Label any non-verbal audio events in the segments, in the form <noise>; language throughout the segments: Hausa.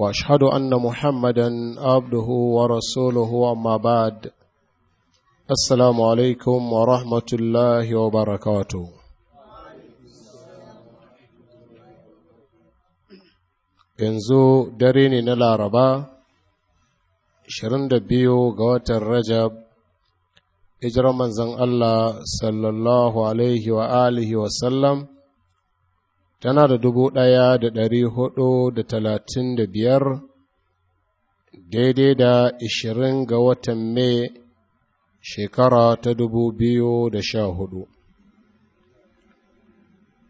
واشهد ان محمدا عبده ورسوله اما بعد السلام عليكم ورحمه الله وبركاته yanzu dare ne na laraba 22 ga watan rajab hijirar manzon allah sallallahu alaihi wa alihi wasallam tana da dubu ɗaya da ɗari hudu da talatin da biyar daidai da ishirin ga watan mai shekara ta dubu biyu da sha hudu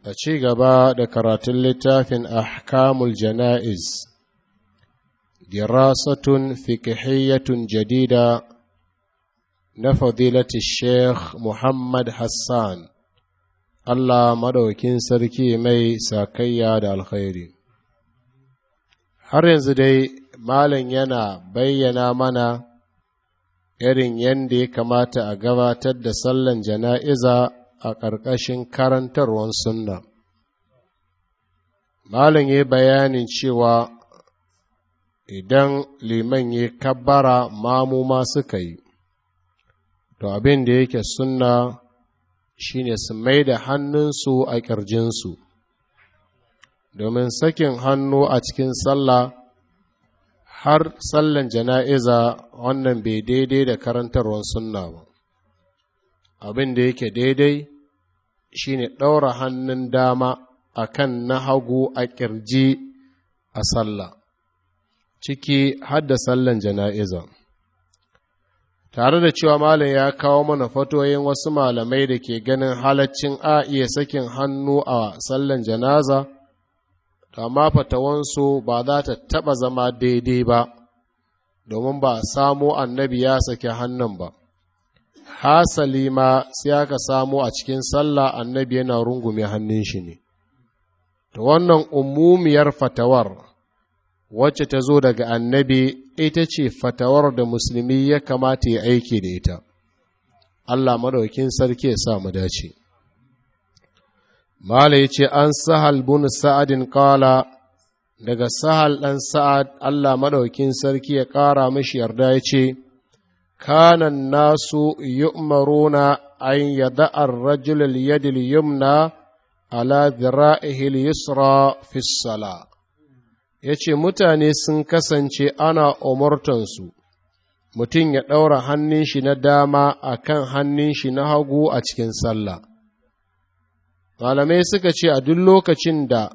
a ci gaba da karatun littafin ahkamul jana'iz dirasatun فقهية jarida na fadilati sheikh muhammad hassan Allah maɗaukin sarki mai sakayya da alkhairi. Har yanzu dai Malam yana bayyana mana irin yadda ya kamata a gabatar da sallan jana'iza a ƙarƙashin karantarwar sunna. Malam ya bayanin cewa idan liman ya kabbara mamu ma suka yi, to abin da yake sunna Shi ne su mai da hannunsu a ƙirjinsu domin sakin hannu a cikin sallah har sallan jana'iza wannan bai daidai da karantarwar sunna ba abin da yake daidai shi ne ɗaura hannun dama a kan na hagu a ƙirji a sallah ciki hadda sallan jana'izan. tare da cewa malam ya kawo mana fatoyin wasu malamai da ke ganin halaccin a iya sakin hannu a sallan janaza amma fatawansu ba za ta taɓa zama daidai ba domin ba samo annabi ya saki hannun ba hasali ma sai aka samo a cikin sallah annabi yana rungume hannun shi ne da wannan umumiyar fatawar wacce ta zo daga annabi ita ce fatawar da musulmi ya kamata ya aiki da ita Allah madaukin sarki ya sa mu dace Mala ce, an Sahal bin Sa'adin ƙala. daga Sahal ɗan Sa'ad Allah madaukin sarki ya ƙara mashi yarda yace kanan nasu yu'maruna an yada ar-rajul al yumna ala zira'ihil yusra fi salat ya ce mutane sun kasance ana umartansu mutum ya ɗaura hannun shi na dama a kan hannun shi na hagu a cikin sallah malamai suka ce a duk lokacin da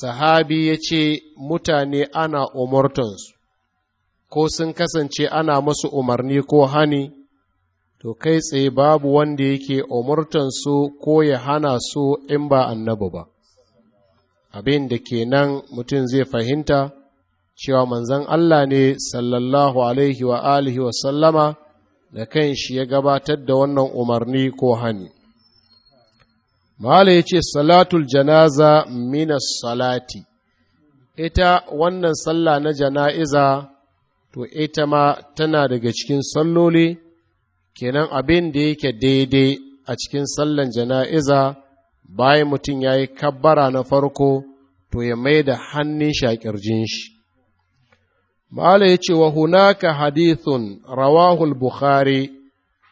sahabi ya ce mutane ana umartansu ko sun kasance ana masu umarni ko hani to kai tsaye babu wanda yake umartansu ko ya hana su in ba annabi ba abin da ke nan mutum zai fahimta cewa manzan Allah ne sallallahu alaihi wa alihi wa sallama da kan shi ya gabatar da wannan umarni ko hani. Mahala ya ce, Salatul janaza minas salati, ita wannan sallah na jana'iza to ita ma tana daga cikin salloli, kenan abin da yake daidai a cikin sallan jana'iza bayan mutum ya yi kabbara na farko to ya mai da hannun ƙirjin shi ma'ala ya ce wa hunaka hadithun rawahul bukhari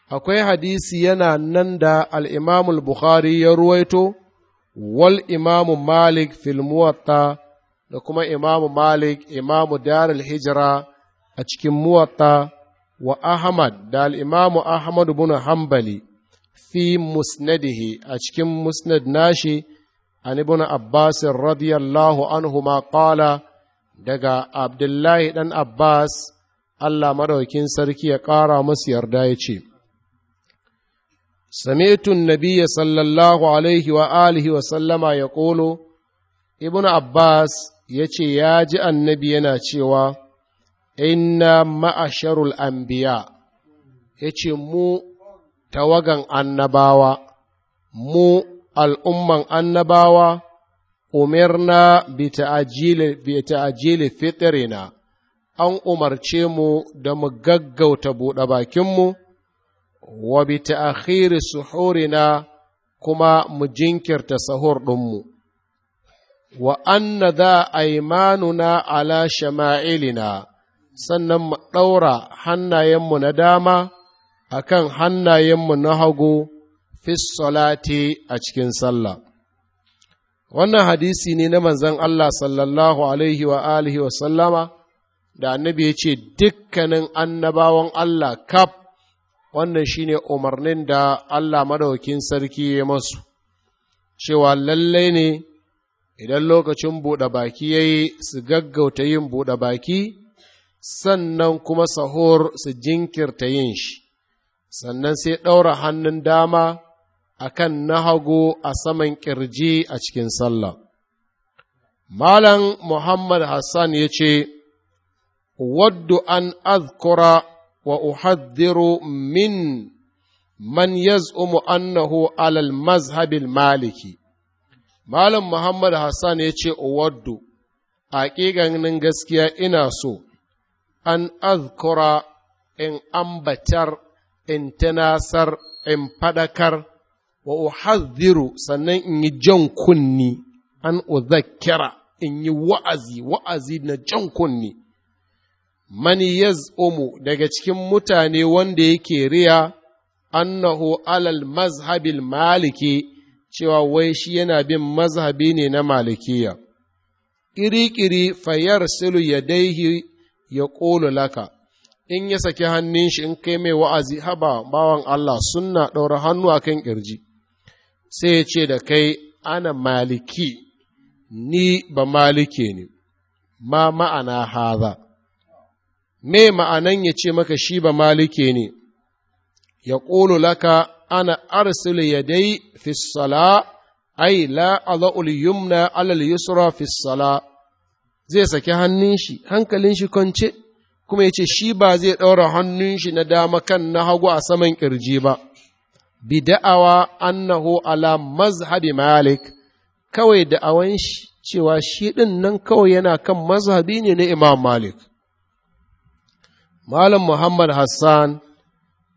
akwai hadisi yana nan da al'imamul bukhari ya ruwaito wal imamu malik filmuwatta da kuma imamu malik imamu darul hijira a cikin muwatta wa ahmad da al'imamu ahmadu bunu hambali fi musnadihi a cikin musnad nashi an ibn Abbas radiyallahu anhu ma qala daga Abdullahi dan Abbas Allah madaukin sarki ya ƙara masu yarda ya ce Samitun Nabiya sallallahu alaihi wa alihi wa sallama ya ƙolo, Ibn Abbas ya ce ya ji annabi yana cewa, Inna ma'asharul anbiya ya ce mu tawagan annabawa, mu al'umman annabawa, umirna bi ta'ajili fitirina, an umarce mu da mu gaggauta buɗe bakinmu, wa bi ta'akhiri suhurina kuma mu jinkirta sahur ɗinmu. Wa anna za aimanuna ala shama'ilina, sannan mu ɗaura hannayenmu na dama, Akan kan hannayenmu na hagu fissolati a cikin sallah wannan hadisi ne na manzon Allah sallallahu alaihi wa alihi wa sallama da annabi ya ce dukkanin annabawan Allah kaf wannan shine umarnin da Allah madaukin sarki ya masu cewa lallai ne idan lokacin buɗe baki ya yi su gaggauta yin buɗe baki sannan kuma sahur su jinkirta yin shi sannan sai ɗaura hannun dama a kan na hagu a saman ƙirji a cikin sallah. Malam Muhammad Hassan ya ce, Waddu an azkura wa uhaddiru min man yaz'umu annahu alal mazhabil maliki. Malam Muhammad Hassan ya ce, Waddu, a gaskiya ina so, an azkura in ambatar in tanasar in faɗakar wa uhadhiru sannan in yi jan kunni an uzakkira in yi wa'azi wa'azi na jan kunni mani yaz'umu daga cikin mutane wanda yake riya annahu alal mazhabil maliki cewa wai shi yana bin mazhabi ne na malikiya kiri-kiri fayar silu ya ya ƙola laka in ya saki hannun shi in kai mai wa'azi haba bawan Allah suna ɗaura hannu a kan ƙirji sai ya ce da kai ana maliki ni ba malike ne ma ma'ana haza me ma'anan ya ce maka shi ba malike ne ya ƙolo laka ana arsul ya dai fissala, ai la aza'ul yumna alal yusra fissala. zai saki hannun shi hankalin shi kwance kuma ya ce shi ba zai ɗaura hannun shi na dama kan na hagu a saman ƙirji ba, bida'awa annahu ala mazhabi Malik, kawai da'awan shi cewa shi ɗin nan kawai yana kan mazhabi ne na Imam Malik. Malam Muhammad Hassan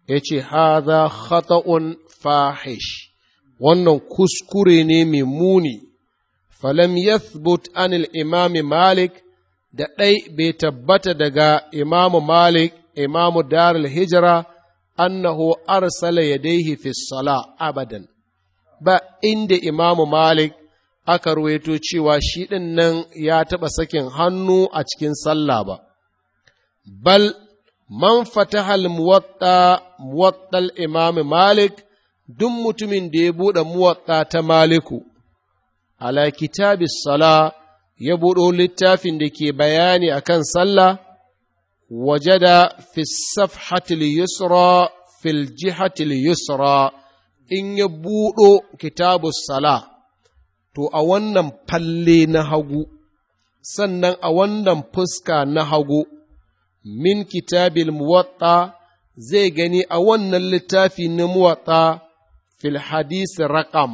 ya ce, Haza khata'un fahish, wannan kuskure ne mai muni, falam yathbut anil imami Malik, da ɗai bai tabbata daga imamu Malik, imamu Darul Hijira, annahu arsala yadaihi fi sala abadan. Ba inda imamu Malik aka ruwaito cewa shi ɗin nan ya taɓa sakin hannu a cikin sallah ba. Bal, man fatahal muwatta muwattal imamu Malik, duk mutumin da ya buɗe muwatta ta Maliku, ala kitabis sala ya buɗo littafin da ke bayani a kan sallah waje da safhatil yusra fil jihatil yusra in ya buɗo kitabus sala to a wannan falle na hagu sannan a wannan fuska na hagu min kitabil muwatta zai gani a wannan littafin na muwatta fil hadisi raƙam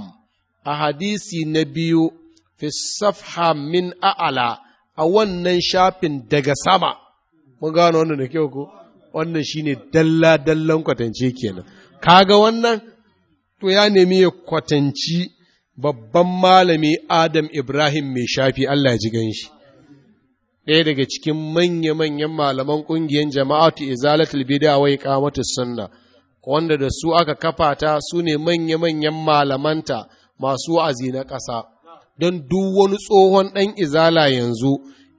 a hadisi na biyu fi safha min a'ala a wannan shafin daga sama mun gano wannan da kyau ko wannan shine dalla dallan kwatance kenan kaga wannan to ya nemi ya kwatanci babban malami Adam Ibrahim mai shafi Allah ya ji ganshi ɗaya daga cikin manya-manyan malaman ƙungiyar jama'atu izalatul bid'a wa iqamatus sunna wanda da su aka kafa ta su ne manya-manyan malamanta masu wazi na ƙasa don duk wani tsohon ɗan izala yanzu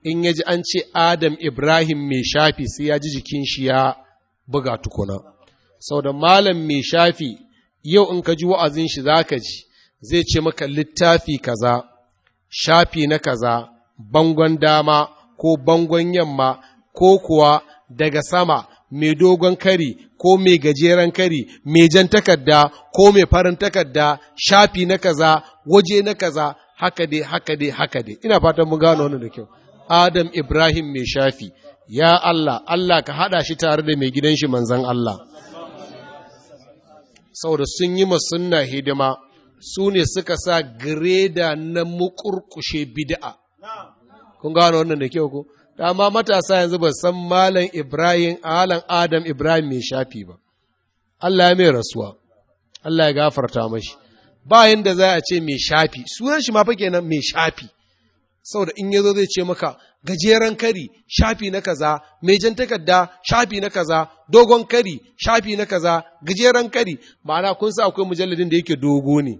in ya ji an ce Adam Ibrahim mai shafi sai ya ji jikin shi ya buga tukuna. Sau da malam mai shafi yau in ka ji wa'azin shi za ka ji zai ce maka littafi kaza, shafi na kaza, bangon dama ko bangon yamma ko kuwa daga sama mai dogon kari ko mai gajeren kari mai jan takarda ko mai farin takarda shafi na kaza waje na kaza haka dai haka dai haka dai ina fatan mun gano wannan da kyau Adam Ibrahim mai shafi ya Allah Allah ka hada shi tare da mai gidan shi manzon Allah saboda sun yi masunna hidima su ne suka sa greda na mukurkushe bid'a kun gano wannan da kyau ko amma matasa yanzu ba san malam Ibrahim alan Adam Ibrahim mai shafi ba Allah ya mai rasuwa Allah ya gafarta mashi ba yanda za a ce mai shafi sunan shi ma fa kenan mai shafi saboda in yazo zai ce maka gajeren kari shafi na kaza mai jan takarda shafi na kaza dogon kari shafi na kaza gajeren kari ma'ana kun sa akwai mujalladin da yake dogo ne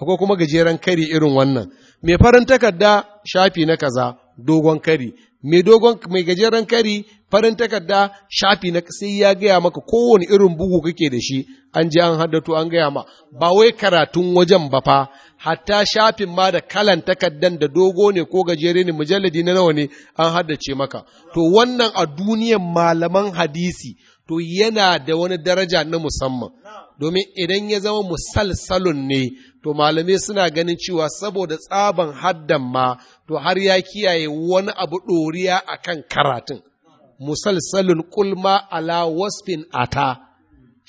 akwai kuma gajeren kari irin wannan mai farin takarda shafi na kaza dogon kari mai dogon mai gajeren kari farin takarda shafi na sai ya gaya maka kowane irin bugu kake da shi an je an haddato an gaya ma ba wai karatun wajen ba fa hatta shafin ma da kalan takardan da dogo ne ko gajere ne mujalladi na nawa ne an haddace maka to wannan a duniyan malaman hadisi to yana da wani daraja na musamman domin idan ya zama musalsalun ne to malamai suna ganin cewa saboda tsaban haddan ma to har ya kiyaye wani abu ɗoriya a kan karatun musalsalun kulma ala wasfin ata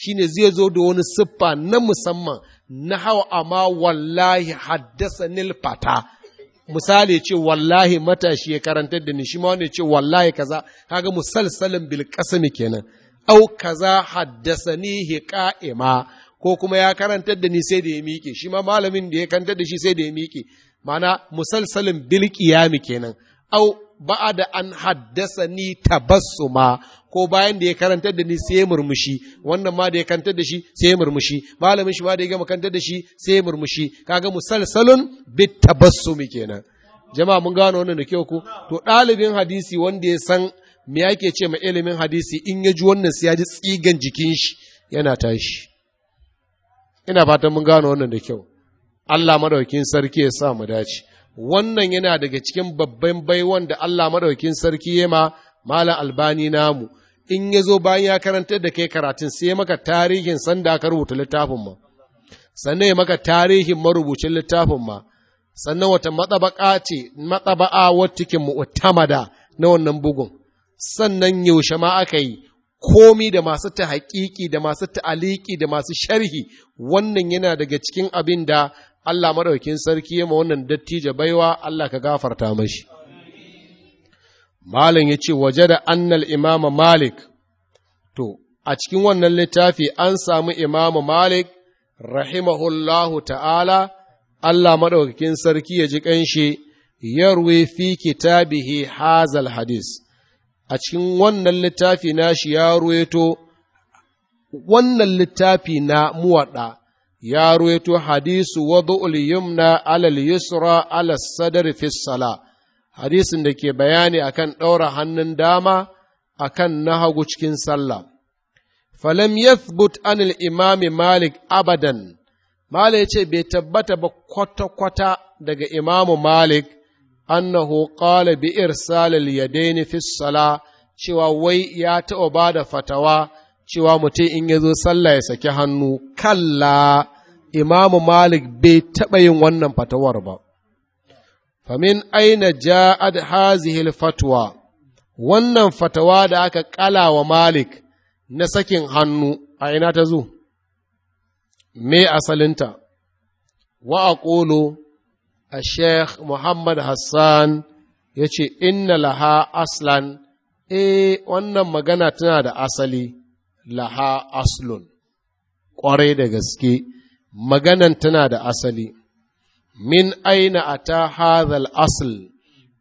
Shi ne zai zo da wani siffa na musamman na hau amma wallahi haddasa nilfata misali ce wallahi matashi ya karanta da ni shi ma wani ce wallahi kaza kaga musalsalin bil kenan au kaza haddasanihi ka'ima ko kuma ya karantar da ni sai da ya miƙe shi ma malamin da ya karantar da shi sai da ya miƙe mana musalsalin bil qiyami kenan au ba'ada an haddasani tabassuma ko bayan da ya karantar da ni sai ya murmushi wannan ma da ya karantar da shi sai ya murmushi malamin shi ma da ya gama karantar da shi sai ya murmushi kaga musalsalun bit tabassumi kenan jama'a mun gano wannan da kyau ko to ɗalibin hadisi wanda ya san me yake ce ma ilimin hadisi in ya ji wannan sai ya ji tsigan jikin shi yana tashi ina fatan mun gano wannan da kyau Allah madaukin sarki ya sa mu dace wannan yana daga cikin babban baiwan da Allah madaukin sarki ya ma malam albani namu in ya zo bayan ya karanta da kai karatun sai maka tarihin sanda ka rubuta littafin ma sannan ya maka tarihin marubucin littafin ma sannan wata matsaba ce matsaba'a wacce ke mu'tamada na wannan bugun sannan yaushe ma aka yi komi da masu ta haƙiƙi da masu ta'aliki da masu sharhi wannan yana daga cikin abin da Allah maɗaukin sarki ya ma wannan dattijo baiwa Allah ka gafarta mashi. Malam ya ce waje da annal imama Malik, to, a cikin wannan littafi an samu imama Malik, rahimahullahu ta'ala, Allah maɗaukakin sarki ya ji ƙanshi, yarwe fi kitabihi hazal hadis. a cikin wannan littafi na shi ya ruwaito wannan littafi na muwaɗa ya hadisu wadu'ul yumna alal yusra ala sadar fi sala hadisin da ke bayani akan ɗaura hannun dama akan na hagu cikin sallah falam yathbut anil imami malik abadan Malik ce bai tabbata ba kwata-kwata daga imamu Malik annahu qala bi irsal al-yadayn fi sala cewa wai ya taɓa ba fatawa cewa mutum in ya zo sallah ya saki hannu kalla imamu malik bai taɓa yin wannan fatawar ba famin aina ja'ad hazihil fatwa wannan fatawa da aka kala wa malik na sakin hannu a ina ta zo me asalinta wa aqulu a sheikh muhammad hassan ya ce inna laha aslan e wannan magana tana da asali laha aslun ƙwarai da gaske maganan tana da asali min aina a ta hadhal asl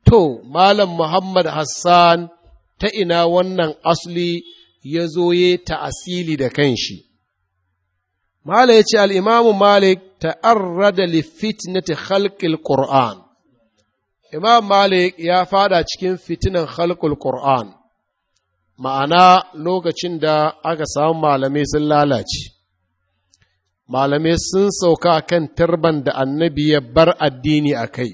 to malam muhammad hassan ta ina wannan asli ya zo ya ta'asili da kanshi Mala ya ce al'imamu Malik ta'arrada li fitnati halkil Imam Malik ya fada cikin fitinan halkul kur'an. ma'ana lokacin da aka samu malamai sun lalace. Malamai sun sauka kan tarban da annabi ya bar addini a kai,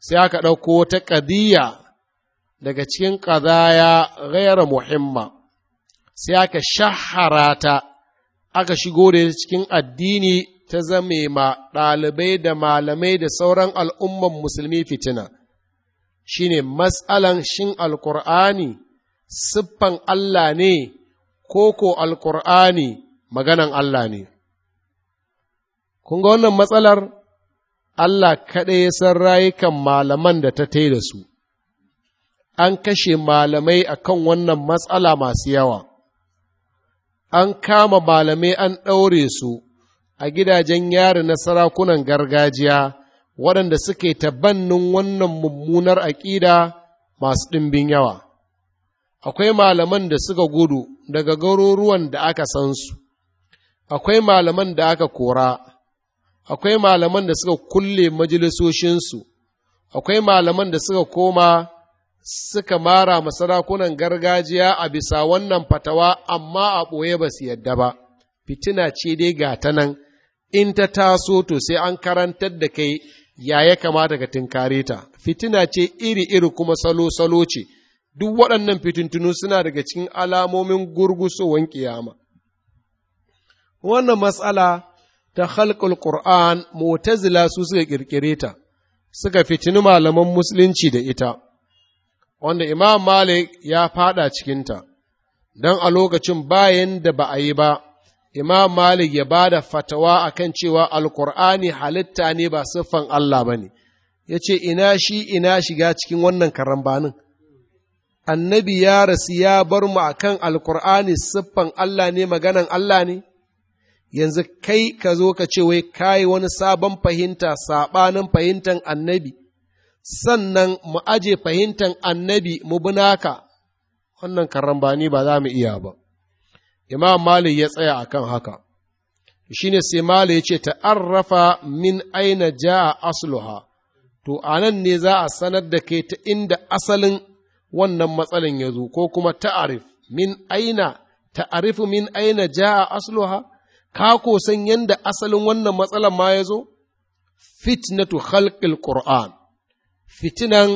sai aka ɗauko wata ƙadiyya daga cikin ƙazaya gaira muhimma, sai aka shahara ta aka shigo da cikin addini ta zame ma ɗalibai da malamai da sauran al'umman musulmi fitina, shi ne matsalan shin alƙur'ani siffan Allah ne ko ko alƙur'ani maganan Allah ne. Kun ga wannan matsalar Allah kaɗai ya san rayukan malaman da ta tai da su, an kashe malamai akan wannan matsala masu yawa. an kama malamai an ɗaure su a gidajen yari na sarakunan gargajiya waɗanda suke tabannin wannan mummunar aƙida masu ɗimbin yawa. Akwai malaman da suka gudu daga garuruwan da aka san su, akwai malaman da aka kora, akwai malaman da suka kulle majalisoshinsu, akwai malaman da suka koma suka mara masarakunan gargajiya a bisa wannan fatawa amma a ɓoye ba su yadda ba, fitina ce dai ga ta nan, in ta taso to sai an karantar da kai ya ya kamata ka tinkare ta, fitina ce iri-iri kuma salo-salo ce, duk waɗannan fitintunu suna daga cikin alamomin gurgusowan ƙiyama. Wannan matsala ta halkul Ƙur'an, motazila su suka ƙirƙire ta, suka fitini malaman musulunci da ita. wanda Imam Malik ya faɗa cikinta, don a lokacin bayan da ba a yi ba, Imam Malik ya ba da fatawa a kan cewa Alƙur'ani halitta ne ba siffan Allah ba ne, ya ce, Ina shi, ina shiga cikin wannan karambanin. Annabi ya rasu ya bar mu akan kan Alƙur'ani siffan Allah ne maganan Allah ne? Yanzu kai ka zo ka ce wai kayi wani sabon fahimta saɓanin fahimtar annabi. sannan mu aje fahimtar annabi mu binaka wannan karambani ba za mu iya ba imam malik ya tsaya akan haka shine sai malik ya ce ta'arrafa min aina jaa asluha to anan ne za a sanar da kai ta inda asalin wannan matsalin ya zo ko kuma ta'arif min aina ta'arifu min aina jaa asluha ka ko san yanda asalin wannan matsalan ma ya zo fitnatu khalqil qur'an fitinan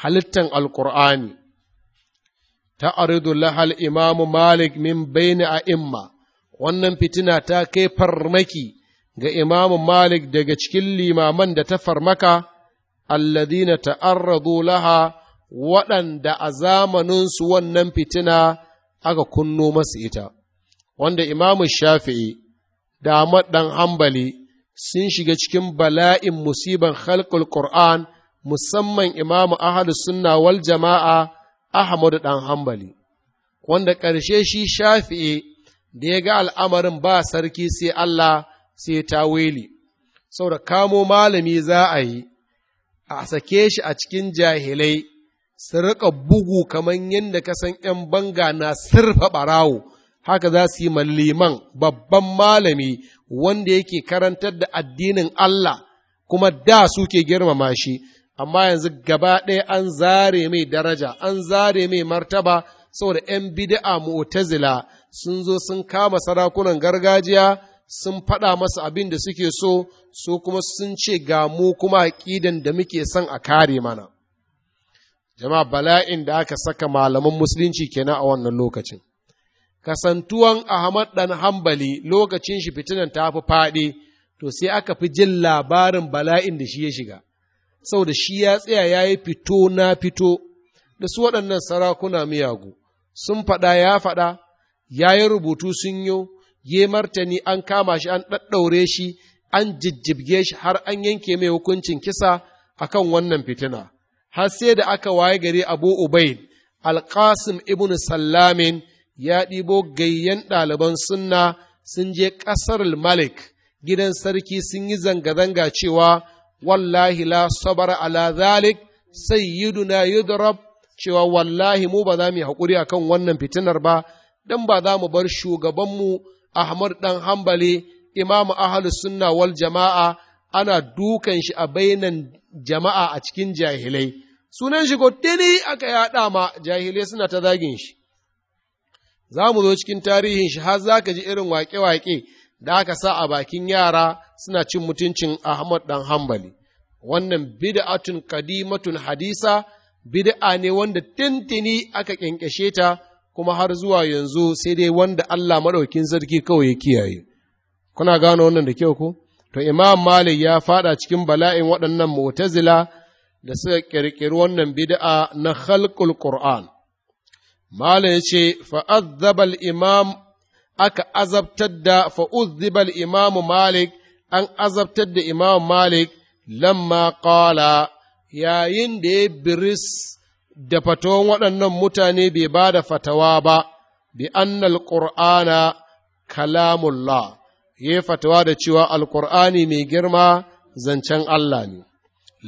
halittan alkur'ani ta aridu lahal imam malik min baini a imma wannan fitina ta kai farmaki ga imamu malik daga cikin limaman da ta farmaka alladina ta'arradu laha waɗanda a zamaninsu wannan fitina aka kunno masu ita wanda imamu shafi'i da ɗan hambali sun shiga cikin bala'in musiban khalqul Qur'an musamman imamu ahalus sunna wal jama'a Ahmadu ɗan hambali, wanda ƙarshe shi shafi'e da ya ga al'amarin ba sarki sai Allah sai ta wele. saboda kamo malami za a yi, a sake shi a cikin jahilai, su riƙa bugu kamar yadda kasan ‘yan banga na sirfa ɓarawo, haka za su yi malliman babban malami wanda yake karantar da addinin Allah, kuma da suke girmama shi, amma yanzu gaba ɗaya an zare mai daraja an zare mai martaba saboda ‘yan bid'a mu'tazila sun zo sun kama sarakunan gargajiya sun faɗa masa abin da suke so su kuma sun ce ga mu kuma ƙidan da muke son a kare mana jama'a bala'in da aka saka malaman musulunci kenan a wannan lokacin kasantuwan ahmad dan hambali lokacin shi fitinan ta fi faɗi to sai aka fi jin labarin bala'in da shi ya shiga saboda shi ya tsaya ya yi fito na fito da su waɗannan sarakuna miyagu, sun faɗa ya faɗa, ya yi rubutu sun yi yi martani an kama shi an ɗaɗɗaure shi, an jijjibge shi har an yanke mai hukuncin kisa a kan wannan fitina. Har sai da aka waye gari Abu Ubaid, Alƙasim ibn Sallamin ya ɗibo gayyan ɗaliban sunna sun je ƙasar Malik, gidan sarki sun yi zanga-zanga cewa wallahi la sabara ala zalik sayyiduna yudrab cewa wallahi mu ba za mu yi haƙuri kan wannan fitinar ba dan ba za mu bar shugabanmu Ahmad dan Hambali Imam Ahlus Sunna wal Jama'a ana dukan shi a bainan jama'a a cikin jahilai sunan shi gottini aka yaɗa ma jahilai suna ta zagin shi za mu zo cikin tarihin shi har za ka ji irin waƙe-waƙe da aka sa a bakin yara suna cin mutuncin Ahmad dan Hambali. Wannan bid'atun kadimatun hadisa bid'a ne wanda tintini aka kyankyashe ta kuma har zuwa yanzu sai dai wanda Allah maɗaukin sarki kawai ya kiyaye. Kuna gano wannan da kyau ko? To Imam Malik ya faɗa cikin bala'in waɗannan mu'tazila da suka ƙirƙiri wannan bida'a na khalqul Qur'an. Malik ya ce fa'azzabal imam aka azabtar da fa'uzzibal imamu Malik an azabtar da Imam Malik lamma Kala yayin da ya biris da fatawan waɗannan mutane bai ba da fatawa ba, bi annal qurana kalamullah, ya yi fatawa da cewa alƙur'ani mai girma zancen Allah ne.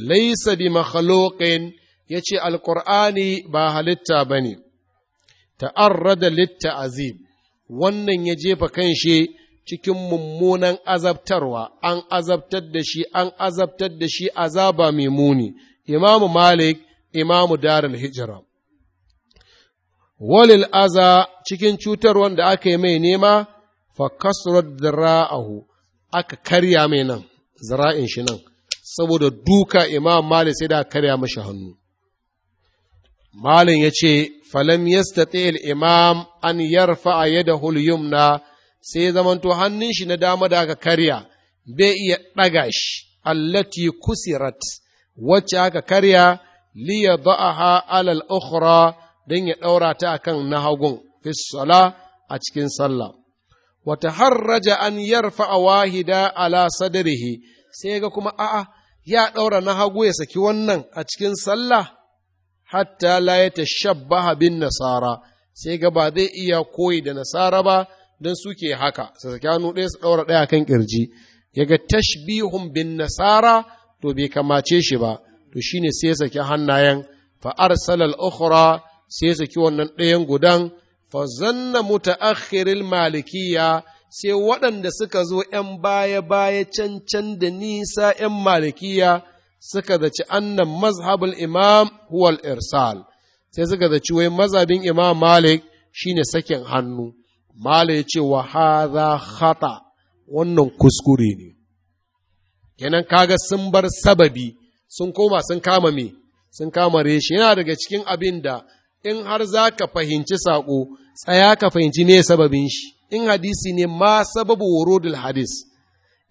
Laisa bi makhluqin ya ce alƙur'ani ba halitta ba ne, ta'arrada litta azim, wannan ya jefa kan shi cikin mummunan azabtarwa, an azabtar da shi, an azabtar da shi azaba mai muni, imamu Malik, imamu Darul Hijira. Walil aza cikin cutar wanda aka yi mai nema, fa kasurar ra'ahu, aka karya mai nan, zira'in shi nan, saboda duka imam Malik sai da karya mashi hannu. Malin ya ce, falam yastati imam an yarfa a yadda yumna sai ya zamanto hannun shi na dama da aka karya bai iya ɗaga shi allati kusirat wacce aka karya li ya ha alal ukhra don ya ɗaura ta akan na hagun fisola a cikin sallah wata raja an yarfa a wahida ala sadarihi sai ga kuma a'a ya ɗaura na hagu ya saki wannan a cikin sallah hatta la ya shabba bin nasara sai ga ba zai iya koyi da nasara ba don suke haka su saki hannu ɗaya su ɗaura ɗaya kan ƙirji ya ga tashbihun bin nasara to bai kamace shi ba to shine sai hannayen fa arsalal ukhra sai wannan ɗayan gudan fa zanna mutaakhiril malikiya sai waɗanda suka zo ‘yan baya-baya can can da nisa ‘yan malikiya suka zaci annan mazhabul imam huwal irsal sai suka zaci wai mazhabin imam malik shine sakin hannu mala ya ce wa haza hata wannan kuskure ne kenan kaga sun bar sababi sun koma sun kama me sun kama reshe yana daga cikin abin da in har za ka fahimci saƙo tsaya ka fahimci ne sababin shi in hadisi ne ma sababu wurudul hadis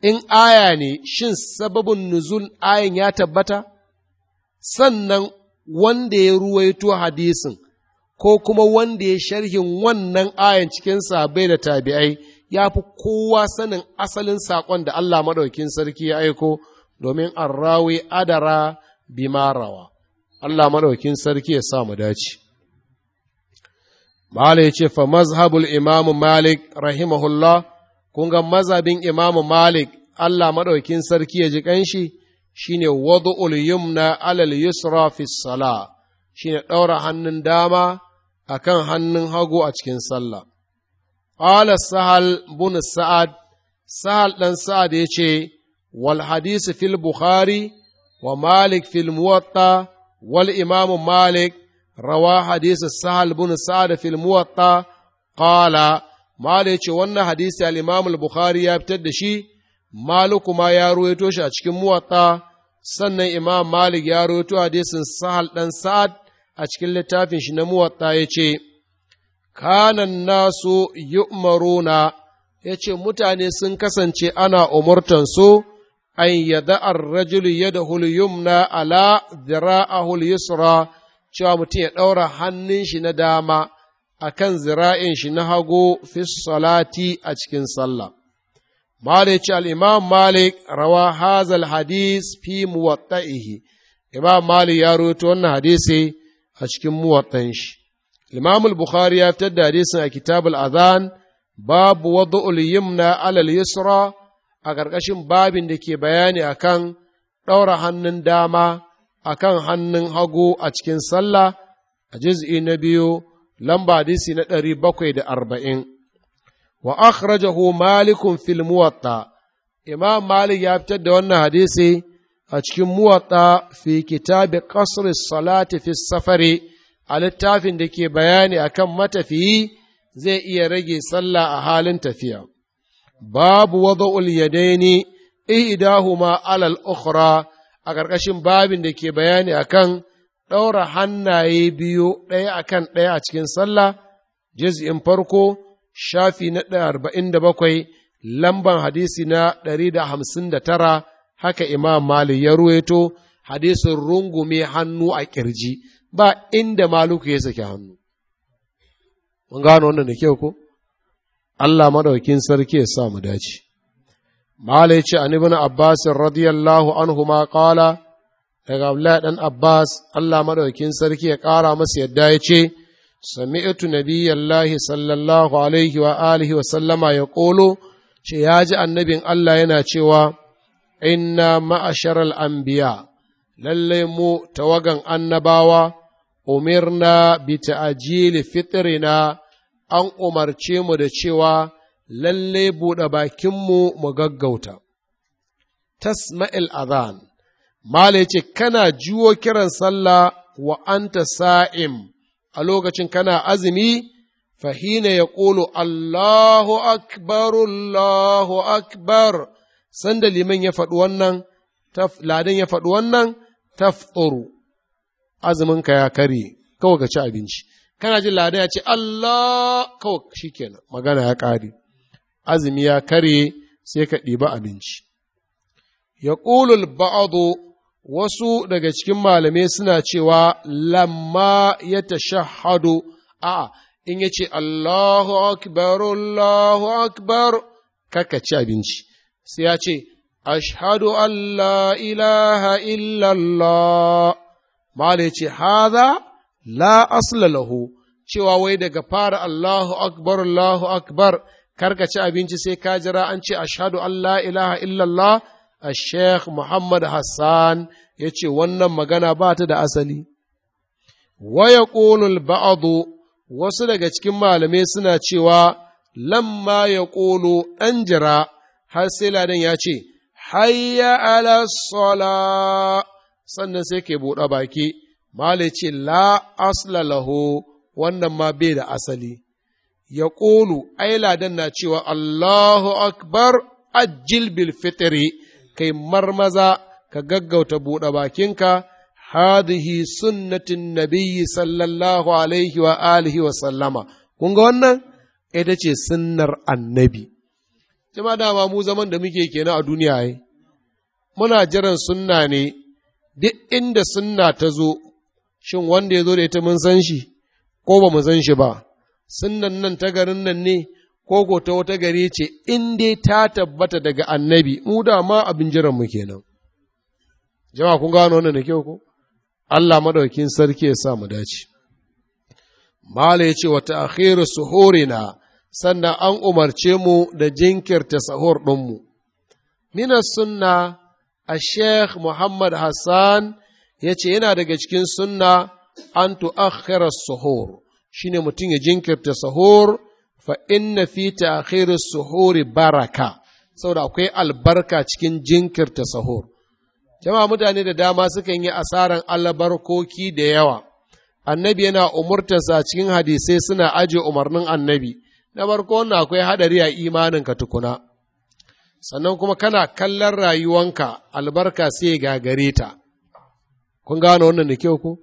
in aya ne shin sababin nuzul ayan ya tabbata sannan wanda ya ruwaito hadisin ko kuma wanda ya sharhin wannan ayan cikin sabai da tabi'ai ya fi kowa sanin asalin saƙon da Allah maɗaukin sarki ya aiko domin arrawi adara bimarawa Allah maɗaukin sarki ya sa mu dace Malik ya ce fa mazhabul imamu Malik rahimahullah kun ga mazhabin imamu Malik Allah maɗaukin sarki ya ji shi ne wadu'ul yumna alal yusra fi sala ne ɗaura hannun dama a kan hannun hagu a cikin sallah. Ƙala Sahal bin Sa'ad, Sahal ɗan Sa'ad ya ce, wal hadisi fil Bukhari wa Malik fil Muwatta wal imamu Malik rawa hadisi Sahal bin Sa'ad fil Muwatta ƙala, Malik ce wannan hadisi al Bukhari ya fitar da shi, Maliku ma ya ruwaito shi a cikin Muwatta, sannan Imam Malik ya ruwaito hadisin Sahal ɗan Sa'ad a cikin littafin shi na muwatta ya ce, Kanan nasu yu'maruna ya ce mutane sun kasance ana umurtansu an yada ar-rajulu yadahul yumna ala zira'ahul yusra cewa mutum ya ɗaura hannun shi na dama a kan zira'in shi na hagu fi salati a cikin sallah. Malik ce al'imam Malik rawa hazal hadis fi muwatta'ihi, Imam Malik ya rawaito wannan hadisi a cikin muwaɗan shi. Imam Bukhari ya fitar da hadisin a kitabul azan babu wadu'ul yimna alal yusra a ƙarƙashin babin da ke bayani akan ɗaura hannun dama akan hannun hagu a cikin sallah a juz'i na biyu lamba hadisi na ɗari bakwai da arba'in. Wa akhrajahu malikun fil muwatta Imam Malik ya fitar da wannan hadisi a cikin muwaɗa fi kitabi qasr salati fi safari a littafin da ke bayani a kan matafiyi zai iya rage sallah a halin tafiya babu wada'ul yadaini ihdahuma alal ukhra a ƙarƙashin babin da ke bayani a kan ɗaura hannaye biyu ɗaya kan ɗaya a cikin sallah juz'in farko shafi na ɗaya arba'in da bakwai lamban hadisi na ɗari da hamsin da tara haka imam malik ya ruwaito hadisin rungume hannu a kirji ba inda maluku ya saki hannu mun gano wannan da kyau ko Allah madaukin sarki ya sa mu dace mala ya ce an ibn abbas radiyallahu anhu ma qala daga abdullahi dan abbas Allah madaukin sarki ya kara masa yadda ya ce sami'tu nabiyallahi sallallahu alaihi wa alihi wa sallama ya kolo ce ya ji annabin Allah yana cewa inna ma'asharal anbiya lalle mu tawagan annabawa umirna bi ta'jili fitrina an umarce mu da cewa lalle buɗe bakinmu mu gaggauta tasma'il adhan mala yace kana juwo kiran sallah wa anta sa'im a lokacin kana azumi fahina ya ƙulu Allahu akbar Allahu akbar sanda liman ya faɗi wannan ladan ya faɗi wannan azuminka ya karye kawai ka ci abinci kana jin ladan ya ce Allah kawai shikenan magana ya ƙare azumi ya karye sai ka ɗiba abinci ya ƙulul ba'adu wasu daga cikin malamai suna cewa lamma ya tashahadu a in ya ce Allahu akbar Allahu akbar kaka ci abinci sai ya ce ashhadu an ilaha illallah mala ce haza la aslalahu cewa wai daga fara Allahu akbar Allahu akbar karka ci abinci sai ka jira an ce ashhadu an la ilaha illallah Sheikh Muhammad Hassan ya ce wannan magana ba ta da asali. Waya ƙolul ba'adu wasu daga cikin malamai suna cewa lamma ya ƙolo ɗan jira har sai ladan ya ce, Hayya ala sola, sannan sai ke buɗe baki, Mali ce, La asla wannan ma bai da asali. Ya ƙulu ai ladan na cewa Allahu Akbar ajil bil fitri kai marmaza ka gaggauta buɗe bakinka, hadihi sunnatin nabiyyi sallallahu alaihi wa alihi wa sallama. Kun ga wannan? Ita ce sunnar annabi. jama dama mu zaman da muke kenan a duniya ai muna jiran sunna ne duk inda sunna ta zo shin wanda ya zo da ita mun san shi ko ba mu san shi ba sunnan nan ta garin nan ne ko ko ta wata gare ce in dai ta tabbata daga annabi mu da ma abin jiran mu kenan jama'a kun gano wannan da kyau ko Allah madaukin sarki ya sa mu dace mala yace wa ta'khiru suhurina sannan an umarce mu da jinkirta sahur ɗinmu. Mina sunna a Sheikh Muhammad Hassan ya ce yana daga cikin sunna an tu'akhira sahur ne mutum ya jinkirta sahur fa inna fi ta'khiri suhuri baraka saboda akwai albarka cikin jinkirta sahur jama'a mutane da dama sukan yi asaran albarkoki da yawa annabi yana umurtarsa cikin hadisai suna aje umarnin annabi na farko wannan akwai haɗari a imanin imaninka tukuna sannan kuma kana kallon rayuwanka albarka sai gagare ta kun gano wannan da kyau ko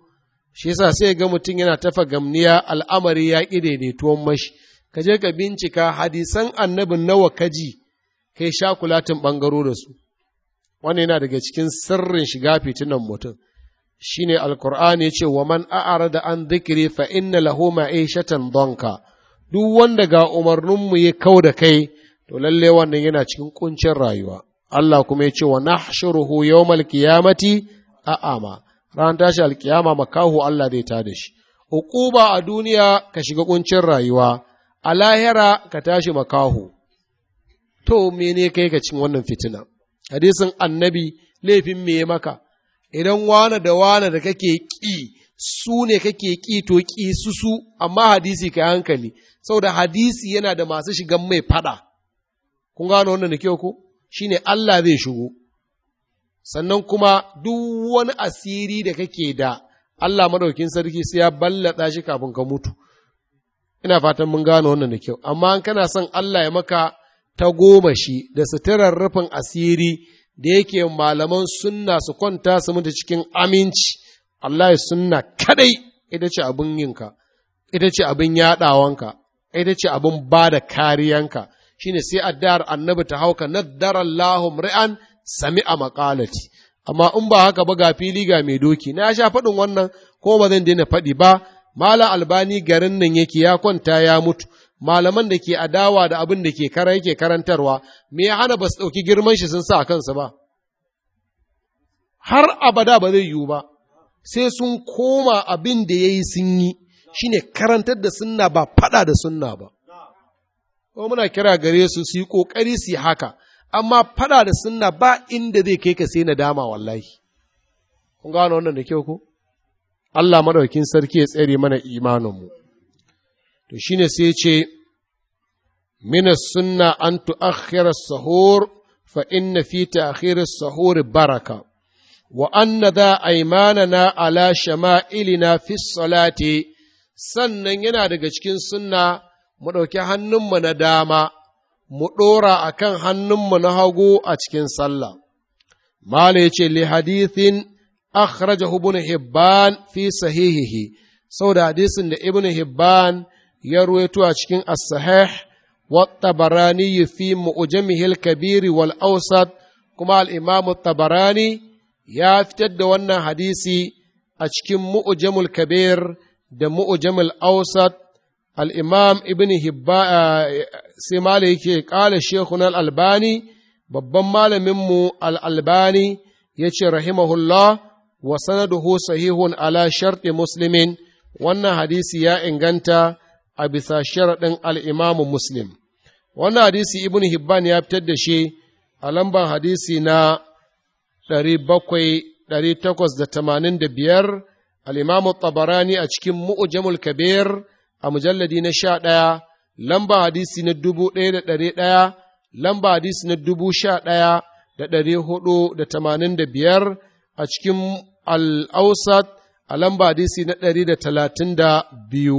shi yasa sai ga mutum yana tafa gamniya al'amari ya ƙi tuwon mashi ka je ka bincika hadisan annabin nawa kaji kai shakulatin ɓangaro da su wannan yana daga cikin sirrin shiga fitinan mutum shine alkur'ani ya ce wa man da an zikiri fa inna lahu ma'ishatan donka duk wanda ga umarninmu ya kau da kai to lalle wannan yana cikin kuncin rayuwa Allah kuma ya ce wa na yau malkiyamati a ama, ran tashi alkiyama makahu Allah zai tada shi Hukuma a duniya ka shiga kuncin rayuwa a lahira ka tashi makahu to mene kai ka cin wannan fitina hadisin annabi laifin me maka idan wane da wane da kake ki su ne kake ki to ki su amma hadisi ka hankali saboda hadisi yana da masu shigan mai fada kun gano wannan da kyau ko ne Allah zai shigo sannan kuma duk wani asiri da kake da Allah maɗaukin sarki sai ya ballata shi kafin ka mutu ina fatan mun gano wannan da kyau amma an kana son Allah ya maka ta goma shi da suturar rufin asiri da yake malaman sunna su kwanta su mutu cikin aminci Allah ya sunna kaɗai ita ce abin yinka ita ce abin yaɗawanka ita ce abin ba da kariyanka ne sai addar annabi ta hauka naddara lahum ri'an a makalati amma in ba haka ba ga fili ga mai doki na sha faɗin wannan ko ba zan daina faɗi ba malam albani garin nan yake ya kwanta ya mutu malaman da ke adawa da abin da ke kara yake karantarwa me ya hana ba su ɗauki girman shi sun sa a kansu ba har abada ba zai yiwu ba sai sun koma abin da ya yi sun yi shine karantar da sunna ba faɗa da sunna ba ko muna kira gare su su yi ƙoƙari su yi haka amma faɗa da sunna ba inda zai kai ka sai na dama wallahi kun gano wannan da kyau ko Allah madaukin sarki ya tsare mana imaninmu to shine sai ya ce Mina sunna an tu'akhkhira as fa inna fi ta'khir as-suhur baraka wa anna dha aymanana ala shama'ilina fi as-salati sannan yana daga cikin sunna mu ɗauki hannunmu na dama mu ɗora a kan hannunmu na hagu a cikin sallah. Mala ya ce, li hadithin akhrajahu ibn Hibban fi sahihihi, sau da hadisin da ibn Hibban ya ruwaito a cikin as-sahih waƙta-barani tabarani fi mu'jamihi kabiri kabir wal ausat kuma al tabarani ya fitar da wannan hadisi a cikin mu'jamul kabir da mu'jamul awsat al-imam ibn hibba eh, sai malai yake kala shekhun al-albani babban malamin mu al-albani yace rahimahullah wa sanaduhu sahihun ala sharti muslimin wannan hadisi ya inganta a bisa sharaɗin al'imamu muslim wannan hadisi ibn hibban ya fitar da shi a lambar hadisi na 785 al'imamu tabarani a cikin mu'ujamul kabir a mujalladi na sha ɗaya lamba hadisi na dubu ɗaya da ɗari ɗaya lamba hadisi na dubu sha ɗaya da ɗari hudu da tamanin da biyar a cikin al'ausat a lamba hadisi na ɗari da talatin da biyu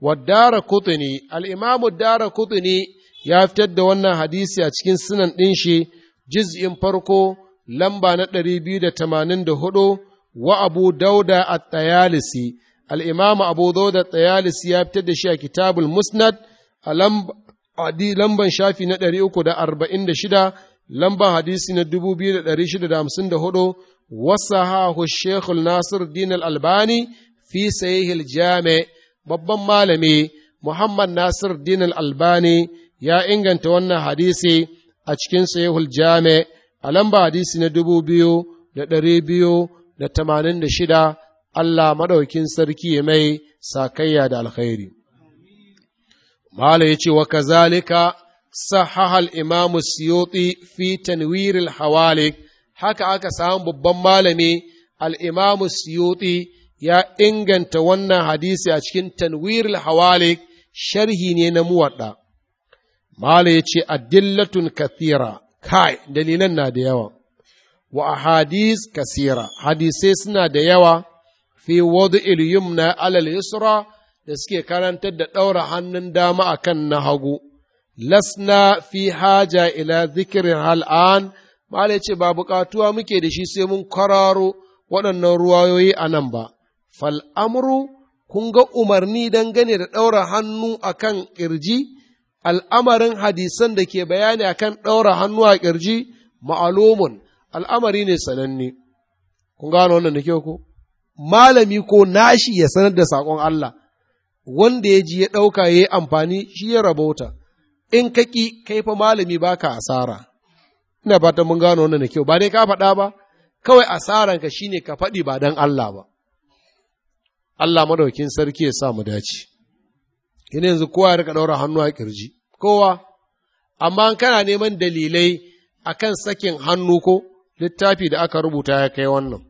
wadara kutuni al'imamu dara kutuni ya fitar da wannan hadisi a cikin sinan ɗin shi juz'in farko lamba na ɗari biyu da tamanin da hudu wa abu dauda at-tayalisi al-imam abu dauda at ya fitar da shi a kitabul musnad a lamban shafi na 346 lamban hadisi na 2654 wasahahu shaykh nasir din al-albani fi sahih al babban malami muhammad nasir din albani ya inganta wannan hadisi a cikin sahih al a lamba hadisi na da tamanin da shida Allah maɗaukin sarki ya mai sakayya da alkhairi. Mala ya ce, wa kazalika sahahal imamu siyoti fi tanwiril hawalik, haka aka samu babban malami al'imamu siyoti ya inganta wannan hadisi a cikin tanwiril hawalik sharhi ne na muwaɗa. Mala ya ce, adillatun kathira, kai, dalilan na da yawa. wa ahadis kasira hadisai suna da yawa fi wadu iliyum na alal yusra da suke karantar da ɗaura hannun dama a kan na hagu lasna fi haja ila zikirin hal'an malai ce ba buƙatuwa muke da shi sai mun kwararo waɗannan ruwayoyi a nan ba fal'amru kun ga umarni dangane da ɗaura hannu a kan ƙirji al'amarin hadisan da ke bayani akan ɗaura hannu a ƙirji ma'alumun al'amari ne sananne kun gano wannan da kyau ko malami ko nashi ya sanar da saƙon Allah wanda ya ji ya ɗauka ya yi amfani shi ya rabota, in ka ƙi kai fa malami baka asara ina fatan mun gano wannan da kyau ba dai ka faɗa ba kawai asaranka shine ka faɗi ba dan Allah ba Allah madaukin sarki ya sa mu dace ina yanzu kowa ya rika ɗaura hannu a kirji kowa amma kana neman dalilai akan sakin hannu ko littafi da aka rubuta ya kai wannan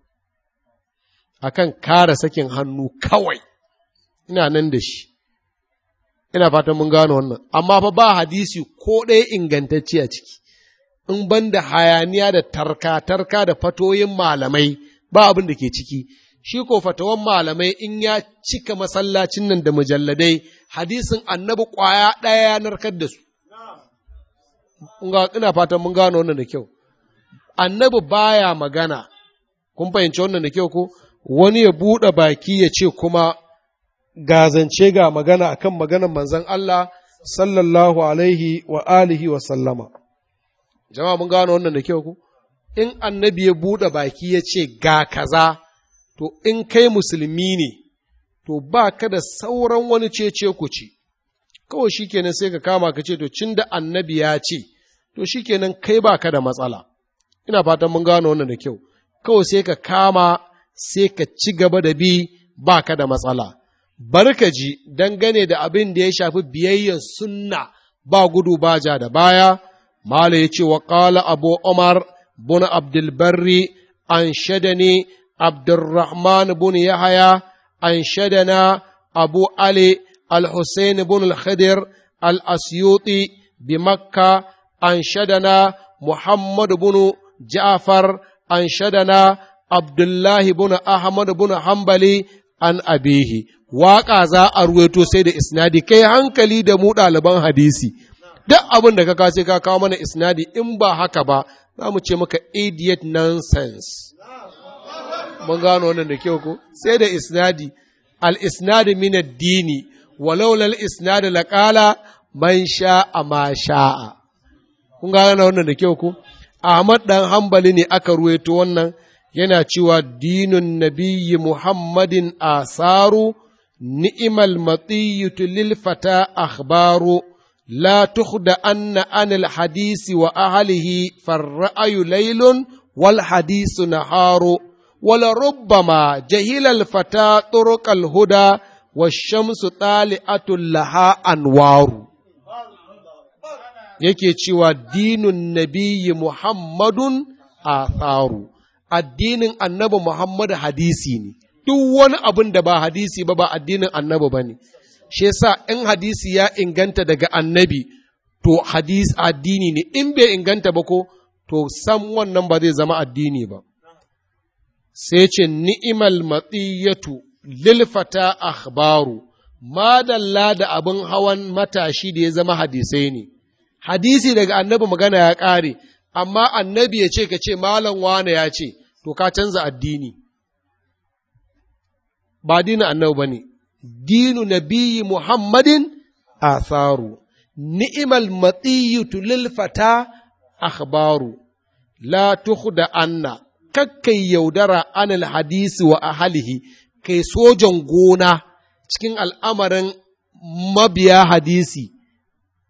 a kan kara sakin hannu kawai ina nan da shi ina fatan mun gano wannan amma fa ba hadisi ko ɗaya ingantacce a ciki in ban da hayaniya da tarka-tarka da fatoyin malamai ba abin da ke ciki shi ko fatawan malamai in ya cika masallacin nan da mujalladai hadisin annabi ƙwaya ɗaya ya narkar da su ina fatan mun gano wannan da kyau annabi baya magana, kun fahimci wannan da kyau ko wani ya buɗe baki ya ce kuma gazance ga magana akan maganan manzon Allah sallallahu alaihi wa alihi wa sallama. Jama'a mun gano wannan da kyau ko? In annabi ya buɗe baki ya ce ga kaza, to in kai musulmi ne, to ba ka da sauran wani cece ku ci. Kawai shi kenan sai ka kama ka ce to cin da annabi ya ce, to shi kenan kai ba ka da matsala. ina fatan mun gano wannan da kyau kawai sai ka kama sai ka ci gaba da bi ba ka da matsala barka ji dangane da abin da ya shafi biyayyar sunna ba gudu ba ja da baya mala ya ce wa ƙala abu umar bun abdulbarri an shadani abdurrahman bun yahaya an na abu ali al-husain bin al-khadir al-asyuti bi makka an shadana Muhammadu, ja'far أنشدنا عبد abdullahi بن أحمد بن حنبلي an أبيه waƙa za a ruwaito sai da isnadi kai hankali da mu ɗaliban hadisi abin da ka kace ka kawo mana isnadi in ba haka ba za mu ce maka idiot nonsense mun gano wannan da kyau ko sai da isnadi al isnadi min ad-dini walau lal isnadi laqala man sha'a ma sha'a kun gano wannan da kyau ko Ahmad ɗan hambali ne aka ruwaito wannan yana cewa dinun nabiyyi Muhammadin asaru ni'imal matsiyutu lil fata akhbaru la tukhda anna anil hadisi wa ahlihi farra'ayu laylun wal hadisu naharu ولربما fata turqal huda الهدى shamsu tali'atul laha anwaru yake cewa dinin nabiyyi Muhammadun a addinin annabi Muhammadu hadisi ne, duk wani abin da ba hadisi ba ba addinin annabi ba ne, shi yasa in hadisi ya inganta daga annabi, to hadis addini ne, in bai inganta ba ko, to sam wannan ba zai zama addini ba. Sai ce matiyatu matsiyatu lilfata akhbaru, madalla da abin hawan matashi da ya zama hadisai ne. hadisi daga annabi magana ya ƙare amma annabi ya ce ka ce malam wane ya ce to ka canza addini ba dina annabi ba ne dinu nabiyyi muhammadin asaru ni'imal matsiyutu lil fata akhbaru la da anna kakkai yaudara anil hadisi wa ahalihi kai sojan gona cikin al'amarin mabiya hadisi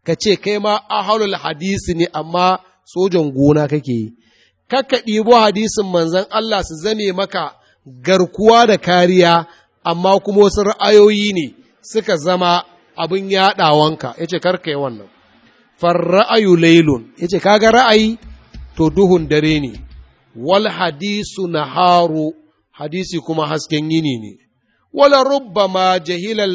ka ce kai ma a ahalul hadisi ne amma sojan gona kake yi kakka ɗibo hadisin manzan Allah su zame maka garkuwa da kariya amma kuma wasu ra'ayoyi ne suka zama abin yaɗawanka ya ce karka yi wannan farra'ayu lailun ya ce kaga ra'ayi to duhun dare ne wal hadisu na haru. hadisi kuma hasken yini ne wala rubba ma jahilal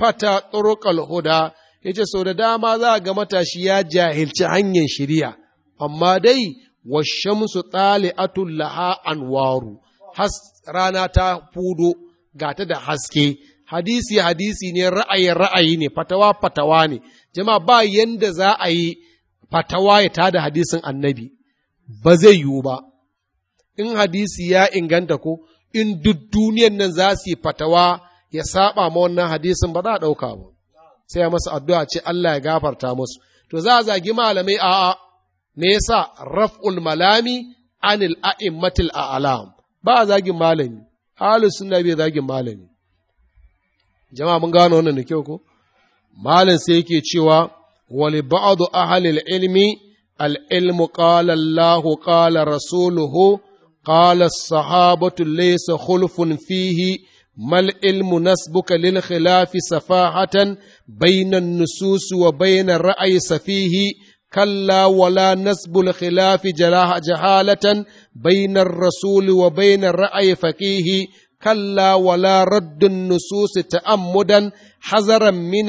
fata tsurukal huda ya ce sau da dama za ga matashi ya jahilci hanyar shirya amma dai washamsu tsali laha anwaru has rana ta fudo ta da haske hadisi hadisi ne ra'ayi ra'ayi ne fatawa fatawa ne jama'a ba yanda za a yi fatawa ya da hadisin annabi ba zai yiwu ba in hadisi ya inganta ko in duk duniyan nan za su yi fatawa ya saba ma wannan hadisin ba za a ɗauka ba sai ya masa addu'a ce Allah ya gafarta musu to za a zagi malamai a'a me yasa raf'ul malami anil a'immatil a'lam ba a zagin malami halin sunna bai zagin malami jama'a mun gano wannan da kyau ko malam sai yake cewa wali ba'du ahlil ilmi al ilmu qala allahu qala rasuluhu qala as-sahabatu laysa khulfun fihi mal ilmu nasbuka lil khilafi safahatan bainan nususu wa bainar ra'ayi safihi kalla wala nasbul khilafi jahalatan bainar rasuli wa bainar ra'ayi faqihi كلا ولا رد النصوص تأمدا حذرا من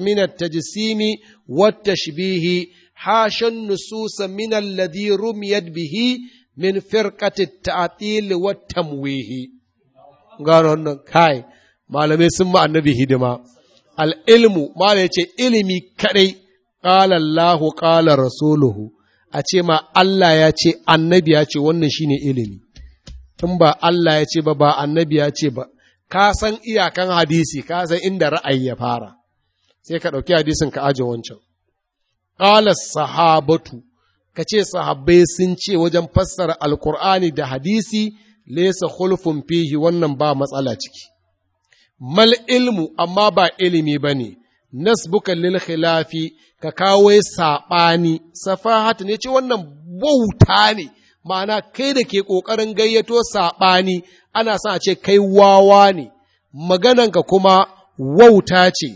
من التجسيم والتشبيه حاش النصوص من الذي رميت به من فرقة التعطيل والتمويه gano wannan kai malamai sun ma annabi hidima al'ilmu mala ya ce ilimi kaɗai Qala Allahu ƙala rasuluhu a ce ma Allah ya ce annabi ya ce wannan shine ilimi tun ba Allah ya ce ba ba annabi ya ce ba ka san iyakan hadisi ka san inda ra'ayi ya fara sai ka ɗauki hadisin ka aje wancan ƙala sahabatu ka ce sahabbai sun ce wajen fassara alkur'ani da hadisi lesa khulfun fihi wannan ba matsala ciki mal ilmu amma ba ilimi ba ne nasbuka lil khilafi ka kawo saɓani safahat ne ce wannan wauta ne ma'ana kai da ke ƙoƙarin gayyato saɓani ana sa a ce kai wawa ne magananka kuma wauta ce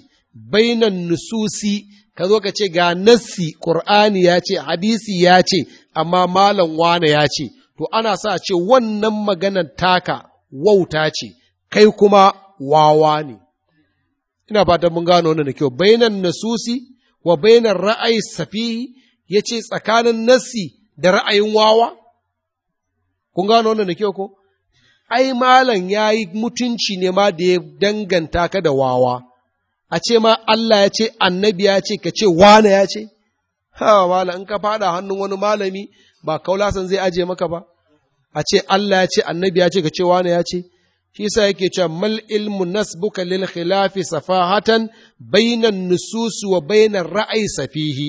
bainan nususi ka zo ka ce ga nassi ƙur'ani ya ce hadisi ya ce amma malam wane ya ce to ana sa ce wannan maganar taka wauta ce, kai kuma wawa ne. Ina fatan mun gano wannan da kyau, bainan nasusi wa bainan ra'ayi safi ya ce tsakanin nasi da ra'ayin wawa? Kun gano wannan da kyau ko? Ai, malam ya yi mutunci ne ma da ya danganta ka da wawa, a ce ma Allah ya ce, annabi ya ce, ka ce, wane ya ce? Ha, malam, in ka fada hannun wani malami, ba kaulasan zai aje maka ba a ce Allah ya ce annabi ya ce ka ce ya ce shi yasa yake cewa mal ilmu nasbuka lil khilafi safahatan bainan nusus wa bainar ra'ayi safihi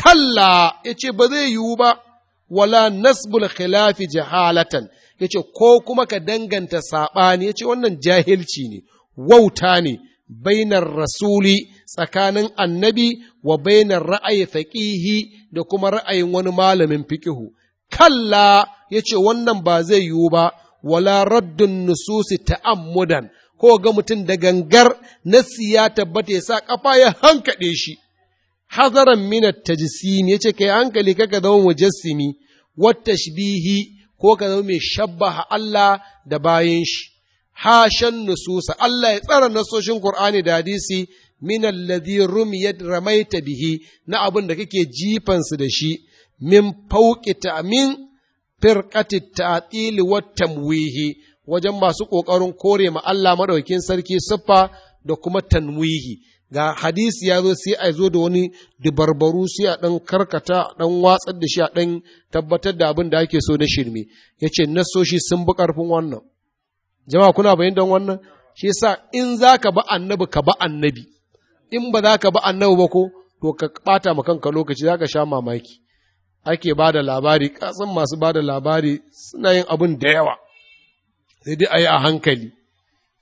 kalla yace ba zai yiwu ba wala nasbul khilafi jahalatan yace ko kuma ka danganta sabani yace wannan jahilci ne wauta ne bainar rasuli tsakanin annabi wa bainar ra'ayi faƙihi da kuma ra'ayin wani malamin fikihu Kalla ya ce wannan ba zai yiwu ba, wala raddun nususi ta'ammudan, ko ga mutum da gangar nasi ya tabbata ya sa ƙafa ya hankaɗe shi. Hazaran minat tajisimi ya ce kai hankali kaka zama mujassimi, wata shibihi ko ka zama mai shabbaha Allah da bayan shi. Hashen nususa, Allah ya tsara nasoshin Kur'ani da hadisi min alladhi rumiyat ramaita bihi na abin da kake jifansu da shi min fauki ta'min firqati ta'til wa tamwihi wajen masu kokarin kore ma Allah madaukin sarki siffa da kuma tanwihi ga hadisi ya zo sai a zo da wani dabarbaru sai a dan karkata dan watsar da shi a dan tabbatar da abin da ake so na shirme yace nasoshi sun bi ƙarfin wannan jama'a kuna bayin dan wannan shi sa in zaka ba annabi ka ba annabi in ba za ka ba annabi ba ko to ka ɓata ma kanka lokaci za ka sha mamaki ake ba da labari kasan masu ba da labari suna yin abin da yawa sai dai a yi a hankali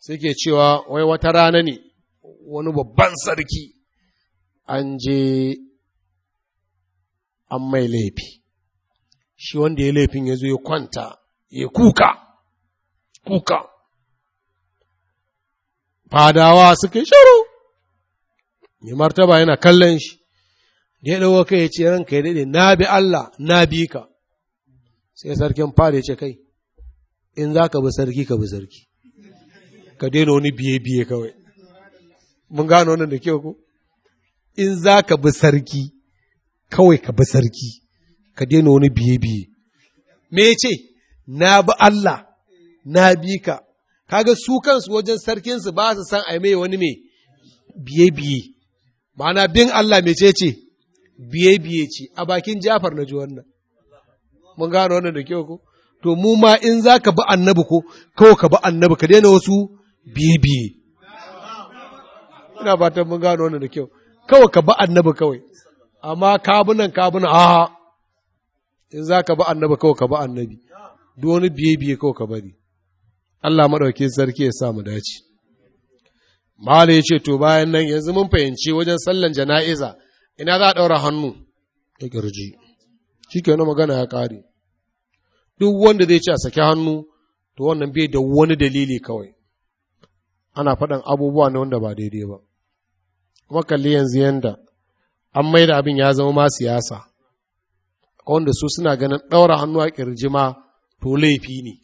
suke cewa wai wata rana ne wani babban sarki an je an mai laifi shi wanda ya laifin ya zo ya kwanta ya kuka kuka fadawa suka shiru. mai martaba yana kallon shi da ya ɗauwa kai ya ce ka ya daɗe na bi Allah na bi ka sai sarkin fara ya ce kai in za ka bi sarki ka bi sarki ka daina wani biye-biye kawai mun gano wannan da kyau ko in za ka bi sarki kawai ka bi sarki ka daina wani biye-biye me ya ce na bi Allah na bi ka kaga su kansu wajen sarkinsu ba su san ai mai wani mai biye-biye ma'ana bin Allah mece ce biye biye ce a bakin Jafar na ji wannan mun gano wannan da kyau ko to mu ma in za ka bi annabi ko kawai ka bi annabi ka daina wasu biye biye ina fatan mun gano wannan da kyau kawai ka bi annabi kawai amma kabunan kabunan a in za ka bi annabi kawai ka bi annabi duk wani biye biye kawai ka bari Allah maɗauki sarki ya sa mu dace Mala ya ce, To bayan nan yanzu mun fahimci wajen sallan jana'iza, ina za a ɗaura hannu da ƙirji, shi ke magana ya ƙare. Duk wanda zai ce a saki hannu, to wannan bai da wani dalili kawai. Ana faɗan abubuwa na wanda ba daidai ba. Kuma kalli yanzu yanda, an mai da abin ya zama ma siyasa, wanda su suna ganin ɗaura hannu a ƙirji ma to laifi ne,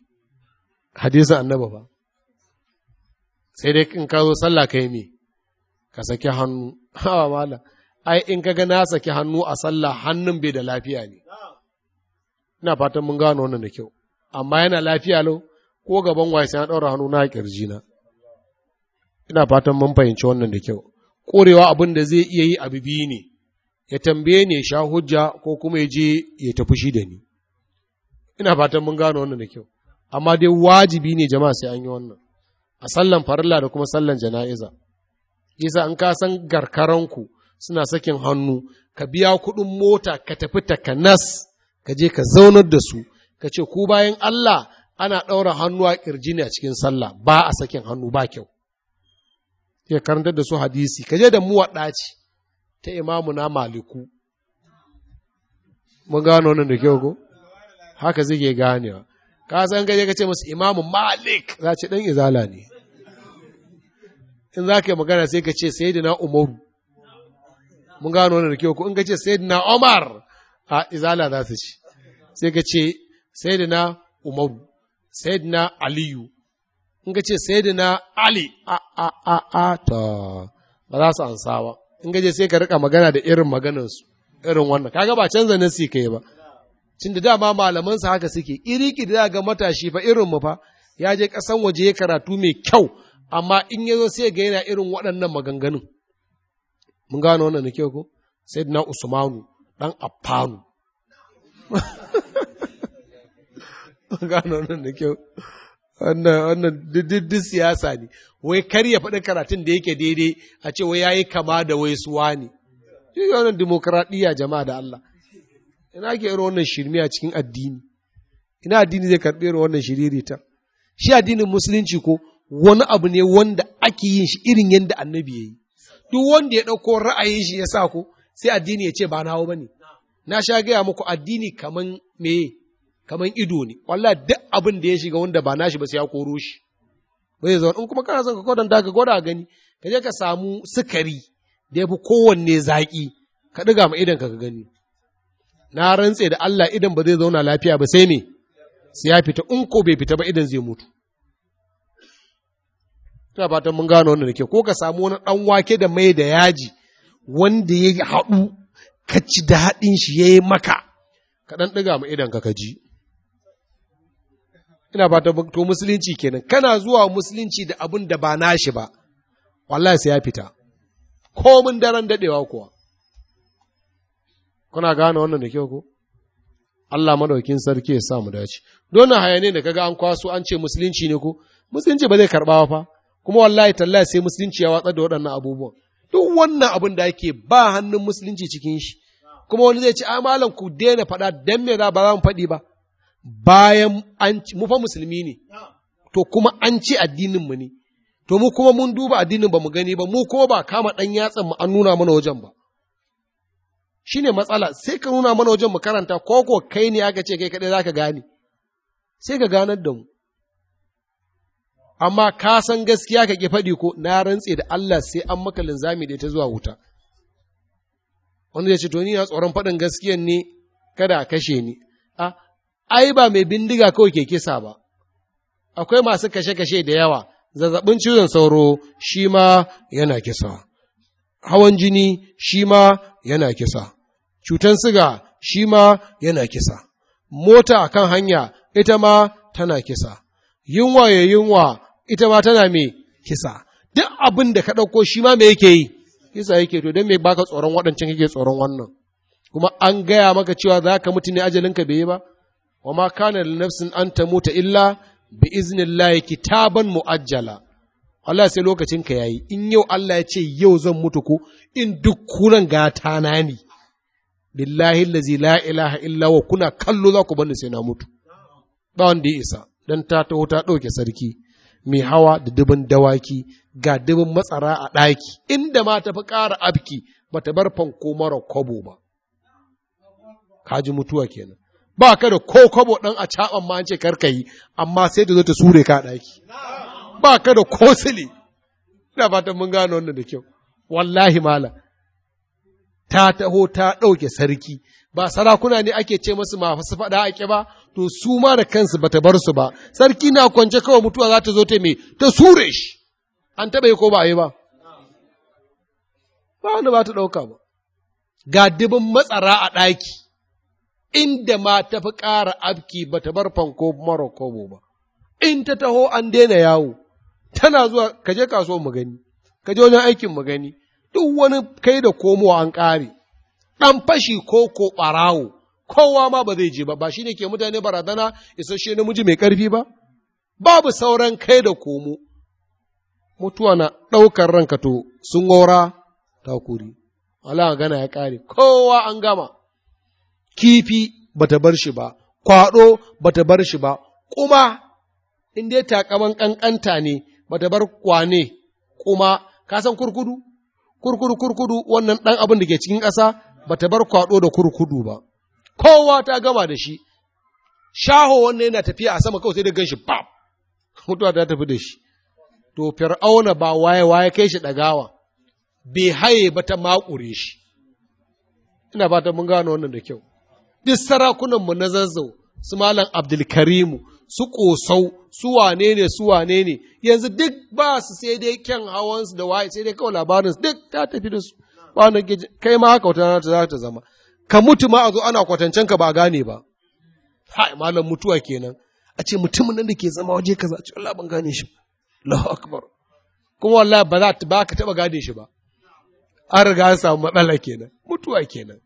hadisin annaba ba. sai dai in ka zo sallah kai me ka saki hannu <laughs> hawa mala ai in ka ga na saki hannu a sallah hannun bai da lafiya ne ina fatan mun gano wannan da kyau amma yana lafiya lau ko gaban waye sai na daura hannu na kirji na ina fatan mun fahimci wannan da kyau korewa abin da zai iya yi abu biyu ne ya tambaye ne sha hujja ko kuma ya je ya tafi shi da ni ina fatan mun gano wannan da kyau amma dai wajibi ne jama'a sai an yi wannan a sallan farilla da kuma sallan jana'iza isa in ka san garkaranku suna sakin hannu ka biya kuɗin mota ka tafi takanas ka je ka zaunar da su ka ce ku bayan Allah ana ɗaura hannu a ƙirji ne a cikin sallah ba a sakin hannu ba kyau ya karantar da su hadisi ka je da mu ɗaci ta imamu na maliku mun gano nan da kyau ko haka zai ganewa ka san gaje ka ce masu imamu malik za ce ɗan izala ne in za ka yi magana sai ka ce na umaru mun gano wani da ko in ka ce na Omar. a izala za su ci sai ka ce na umaru na aliyu in ka ce na ali a a a a ta ba za su ansa ba in ka je sai ka rika magana da irin maganarsu irin wannan kaga ba canza ka kai ba cin da dama malamansa haka suke iriki da ga matashi fa irin mu fa ya je ƙasan waje ya karatu mai kyau amma in ya zo sai ga yana irin waɗannan maganganun mun gano wannan da kyau ko sai na usmanu ɗan affanu <laughs> mun gano wannan da kyau wannan duk siyasa ne wai kar ya faɗi karatun da yake daidai a ce wai yayi kama da wai suwa ne shi wannan demokradiyya jama'a da Allah ina ke irin wannan shirme a cikin addini ina addini zai karɓi irin wannan shiririta shi addinin musulunci ko wani abu ne wanda ake yin shi irin yadda annabi ya yi duk wanda ya ɗauko ra'ayin shi ya sa ku sai addini ya ce ba na hau ba ne na sha gaya muku addini kaman meye kaman ido ne wallahi duk abin da ya shiga wanda ba na shi ba sai ya koro shi bai zaune in kuma kana son ka gwada ka gwada gani ka je ka samu sukari da ya fi kowanne zaƙi ka ɗiga ma idan ka gani na rantse da Allah idan ba zai zauna lafiya ba sai me sai ya fita in bai fita ba idan zai mutu ta fatan mun gano wannan da ke ko ka samu wani dan wake da mai da yaji wanda ya haɗu ka ci daɗin shi ya yi maka ka ɗan ɗiga ma idan ka ji ina fatan to musulunci kenan kana zuwa musulunci da abin da ba nashi ba wallahi sai ya fita komin daren daɗewa kuwa kuna gane wannan da kyau ko Allah madaukin sarki ya sa mu dace don hayane da kaga an kwaso an ce musulunci ne ko musulunci ba zai karɓa fa kuma wallahi tallahi sai musulunci ya watsar da waɗannan abubuwan duk wannan abin da yake ba hannun musulunci cikin shi kuma wani zai ci a ah, malam ku daina faɗa dan me za ba za mu faɗi ba bayan an mu fa musulmi ne to kuma an ci addinin mu ne to mu kuma mun duba addinin ba mu gani ba mu ko ba kama ɗan yatsan mu an nuna mana wajen ba shine matsala sai ka nuna mana wajen mu karanta ko ko kai ne aka ce kai za zaka gane sai ka ganar da mu amma ka san gaskiya ka ki faɗi ko na rantse da Allah sai an maka linzami da ta zuwa wuta wanda ya ce to ni na tsoron faɗin gaskiyan ne kada a kashe ni a ai ba mai bindiga kawai ke kisa ba akwai masu kashe-kashe da yawa zazzabin cizon sauro shi ma yana kisa hawan jini shi ma yana kisa cutan siga shi ma yana kisa mota kan hanya ita ma tana kisa yunwa ya yunwa ita ba tana mai kisa duk abin da ka ɗauko shi ma mai yake yi kisa yake to don mai baka tsoron waɗancan kake tsoron wannan kuma an gaya maka cewa za ka mutu ne ajalinka bai yi ba wa ma kana da nafsin an ta mota illa bi layi kitaban muajjala Allah sai lokacin ka yayi in yau Allah ya ce yau zan mutu ko in duk kunan gata na ni. billahi allazi la ilaha illa wa kuna kallo za ku bani sai na mutu ba wanda ya isa dan ta taho ta ɗauke sarki mai hawa da dubin dawaki ga dubin matsara a ɗaki inda ma ta fi ƙara abki ba ta bar fanko mara kwabo ba kaji mutuwa kenan ba ka da ko kwabo ɗan a caɓan ma an ce karkayi amma sai da zo ta sure ka ɗaki ba ka da ko sile ina fatan mun gano wannan da kyau wallahi mala ta taho ta ɗauke sarki ba sarakuna ne ake ce masu masu faɗa ake ba to su ma da kansu bata bar su ba sarki na kwance kawai mutuwa za ta zo ta me ta sure shi an taɓa yi ko ba yi ba ba wanda ba ta ɗauka ba ga dubin matsara a ɗaki inda ma ta fi ƙara abki ba ta bar fanko mara kobo ba in ta taho an daina yawo tana zuwa ka je kasuwar mu gani ka je wajen aikin mu gani duk wani kai da komowa an ƙare ɗan fashi ko ko ɓarawo kowa ma ba zai je ba, ba shi ne ke mutane barazana isasshe namiji mai ƙarfi ba, babu sauran kai da komo. Mutuwa na ɗaukar ranka to sun gora kuri, Allah gana ya ƙare, kowa an gama, kifi ba ta bar shi ba, kwaɗo ba ta bar shi ba, kuma inda ya taƙaman ƙanƙanta ne ba ta bar kwane, kuma kasan san kurkudu? Kurkudu kurkudu wannan ɗan abin da ke cikin ƙasa ba ta bar kwaɗo da kurkudu ba. kowa ta gama da shi shaho wannan yana tafiya a sama kawai sai da ganshi bam mutuwa ta tafi da shi to fir'auna ba waye waye kai shi dagawa bai haye ba ta makure shi ina ta mun gano wannan da kyau duk sarakunan mu na zazzau su malam abdulkarimu su ƙosau su wane ne su wane ne yanzu duk ba su sai dai kyan hawansu da waye sai dai kawai labarinsu duk ta tafi da su ba na kai ma haka wata ta za ta zama ka mutu ma a zo ana kwatancen ka ba gane ba hai malam mutuwa kenan a ce mutumin nan da ke zama waje kaza a ce Allah ban gane shi Allahu akbar kuma wallahi ba za ta ba ka taba gane shi ba an riga an samu matsala kenan mutuwa kenan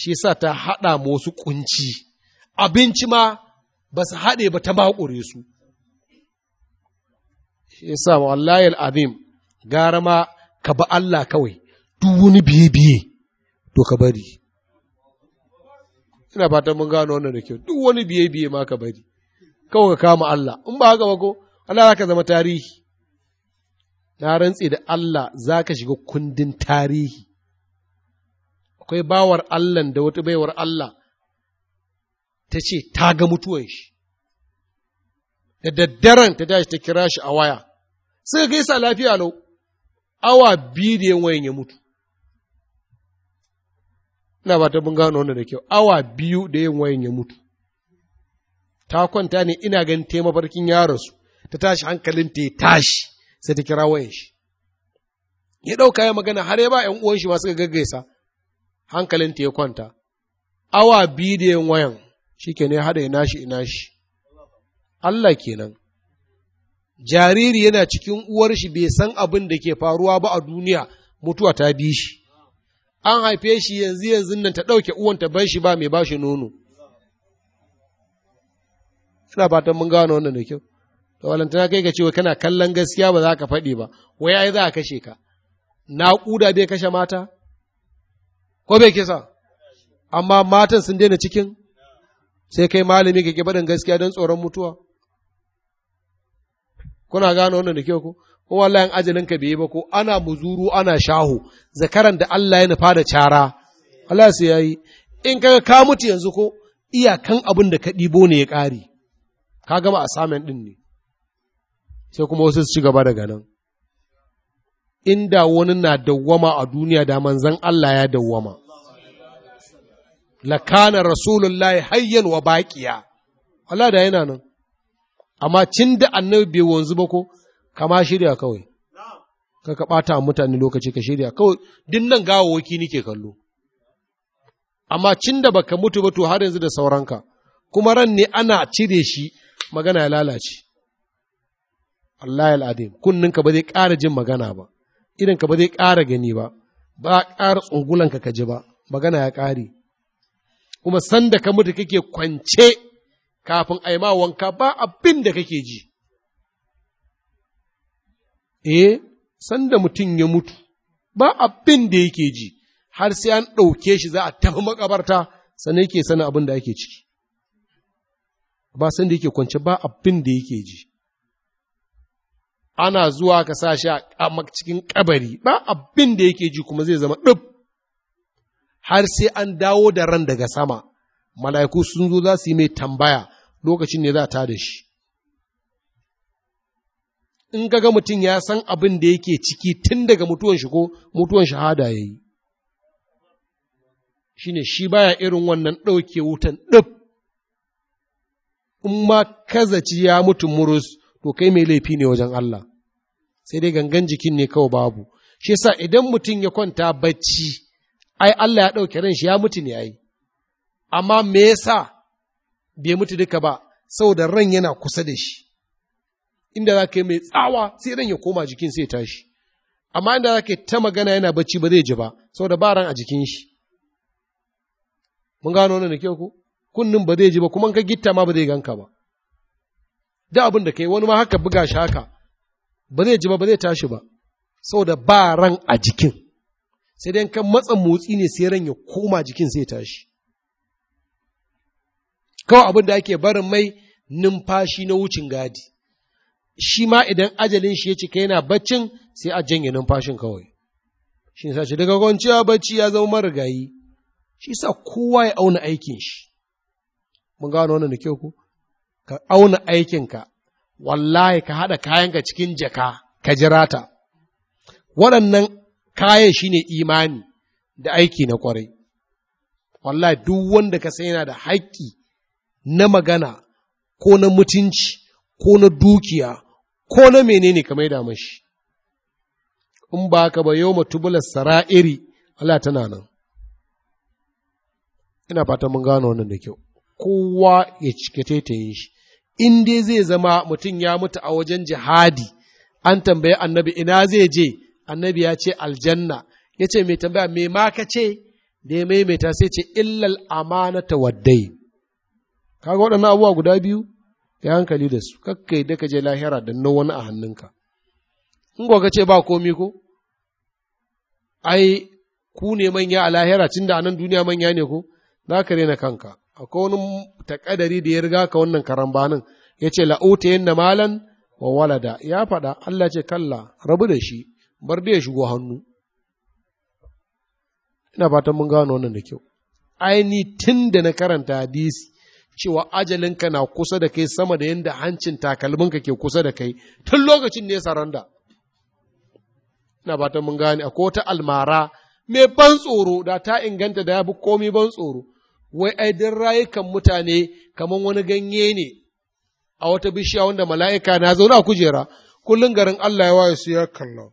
shi sa ta haɗa mu wasu kunci abinci ma ba su haɗe ba ta makure su shi sa wallahi al'azim gara ma ka ba Allah kawai duk wani biye-biye to ka bari ina fatan mun gano wannan da kyau duk wani biye biye ma ka bari kawai ka kama Allah in ba haka ba ko Allah zaka zama tarihi na rantse da Allah zaka shiga kundin tarihi akwai bawar Allah da wata baiwar Allah ta ce ta ga mutuwan shi da daddaren ta tashi ta kira shi a waya suka gaisa lafiya lau awa biyu da wayan ya mutu ina ba ta bunga gano da kyau awa biyu da yin wayan ya mutu ta kwanta ne ina ganin ta mafarkin yaransu ta tashi hankalin ta tashi sai ta kira wayan shi ya ɗauka ya magana har ya ba ‘yan uwan shi ma suka gaggaisa hankalin ta ya kwanta awa biyu da yin wayan shi ke ne haɗa ina shi ina shi Allah kenan jariri yana cikin uwar shi bai san abin da ke faruwa ba a duniya mutuwa ta bi shi an haife shi yanzu yanzu nan ta ɗauke uwan ta bar shi ba mai ba shi nono ina fatan mun gano wannan da kyau to walantana kai ka ce wa kana kallon gaskiya ba za ka faɗi ba wai ai za a kashe ka kuda bai kashe mata ko bai kisa amma matan sun daina cikin sai kai malami ka barin gaskiya don tsoron mutuwa kuna gano wannan da kyau ko ko wallahi ajalin ka bai ba ko ana muzuru ana shahu. zakaran da Allah ya nufa da cara Allah sai yayi in kaga ka mutu yanzu ko iyakan abin da ka ɗibo ne ya ƙare ka gama assignment ɗin ne sai kuma wasu su ci gaba daga nan inda wani na dawwama a duniya da manzon Allah ya dawwama lakana rasulullahi hayyan wa baqiya Allah da yana nan amma cin da annabi bai wanzu ba ko kama shirya kawai kaka ka ɓata mutane lokaci ka shirya kawai din nan gawawaki nike kallo amma cin da baka mutu ba to har yanzu da sauranka kuma ran ne ana cire shi magana ya lalace Allah al'adim kunninka ba zai ƙara jin magana ba idanka ba zai ƙara gani ba ba ƙara tsungulanka ka ji ba magana ya ƙare kuma sanda ka mutu kake kwance kafin aima wanka ba abin da kake ji eh sanda mutum ya mutu ba abin da yake ji har sai an ɗauke shi za a tafi makabarta sannan yake sanin abin da ake ciki ba sanda yake kwance ba abin da yake ji ana zuwa ka sa a cikin kabari ba abin da yake ji kuma zai zama ɗub har sai an dawo da ran daga sama mala'iku sun zo za su yi mai tambaya lokacin ne za ta da shi in kaga mutum ya san abin da yake ciki tun daga mutuwan shi ko mutuwan shahada ya yi shi ne shi baya irin wannan ɗauke wutan ɗif in ma kazaci ya mutu murus to kai mai laifi ne wajen Allah sai dai gangan jikin ne kawai babu shi sa idan mutum ya kwanta bacci ai Allah ya ɗauke ran shi ya mutu ne ai amma me yasa bai mutu duka ba saboda ran yana kusa da shi inda za ka yi mai tsawa sai ran ya koma jikin sai tashi amma inda za ka yi ta magana yana bacci ba zai ji ba saboda ba ran a jikin shi mun gano wannan da kyau ko kunnin ba zai ji ba kuma ka gitta ma ba zai ganka ba da abin da kai wani ma haka buga shi haka ba zai ji ba ba zai tashi ba saboda ba ran a jikin sai dai kan matsa motsi ne sai ran ya koma jikin sai tashi kawai abin da ake barin mai numfashi na wucin gadi shi ma idan ajalin shi ya cika yana baccin sai a janye numfashin kawai shi sa shi daga kwanciya bacci ya zama marigayi shi sa kowa ya auna aikin shi mun gano wannan da kyau ku ka auna aikinka wallahi ka haɗa kayanka cikin jaka ka jira ta waɗannan kayan shi ne imani da aiki na kwarai wallahi duk wanda ka sai yana da haƙƙi na magana ko na mutunci ko na dukiya ko na menene ka maida mashi in ba ka ba yau matubular sara'iri Allah tana nan ina fatan mun gano wannan da kyau kowa ya cike yin shi in dai zai zama mutum ya mutu a wajen jihadi an tambaye annabi ina zai je annabi ya ce aljanna ya ce mai tambaya mai ma ka ce da ya maimaita sai ce illal amana ta waddai kaga waɗannan abubuwa guda biyu ya hankali da su kakkai da ka je lahira da na wani a hannunka in ka ce ba komi ko ai ku ne manya a lahira tun da anan duniya manya ne ko za ka rena kanka akwai wani takadari da ya riga ka wannan karambanin ya ce la'uta yin malan wa walada ya faɗa Allah ce kalla rabu da shi bar da ya shigo hannu ina fatan mun gano wannan da kyau aini tun da na karanta hadisi cewa ajalinka na kusa da kai sama da yadda hancin takalminka ke kusa da kai tun lokacin ne saranda na bata mun gane a wata almara mai ban tsoro da ta inganta da ya bi komi ban tsoro wai ai din rayukan mutane kamar wani ganye ne a wata bishiya wanda mala'ika na zaune a kujera kullum garin Allah ya waye su ya kallo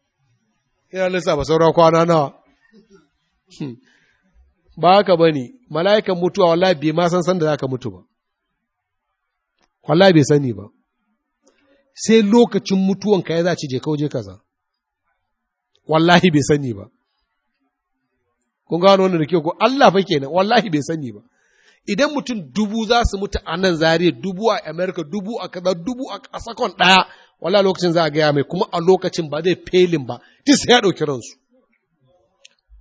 ina saura kwana nawa hmm. ba haka bane mala'ikan mutuwa wallahi bai ma san san da zaka mutu ba wallahi bai sani ba sai lokacin mutuwan ka ya za ci je waje kaza wallahi bai sani ba kun gano wannan da ke ko Allah fa kenan wallahi bai sani ba idan mutum dubu za su mutu a nan zariya dubu a america dubu a kaza dubu a sakon ɗaya wala lokacin za a gaya mai kuma a lokacin ba zai felin ba duk sai ya ɗauki ransu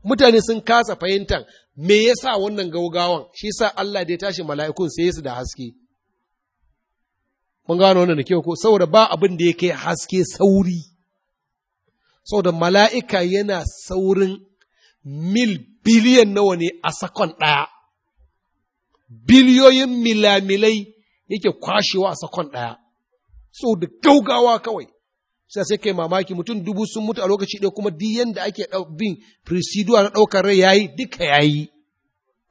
mutane sun kasa fahimtar me yasa wannan gaugawan shi sa Allah da ya tashi mala'ikun sai su da haske mun gano wannan da kyau ko saboda ba abin da yake haske sauri saboda mala'ika yana saurin mil biliyan nawa ne a sakon ɗaya biliyoyin milamilai yake kwashewa a sakon ɗaya so da gaugawa kawai sai sai kai mamaki mutum dubu sun mutu a lokaci ɗaya kuma duk yanda ake bin presidua na ɗaukar rai yayi duka yayi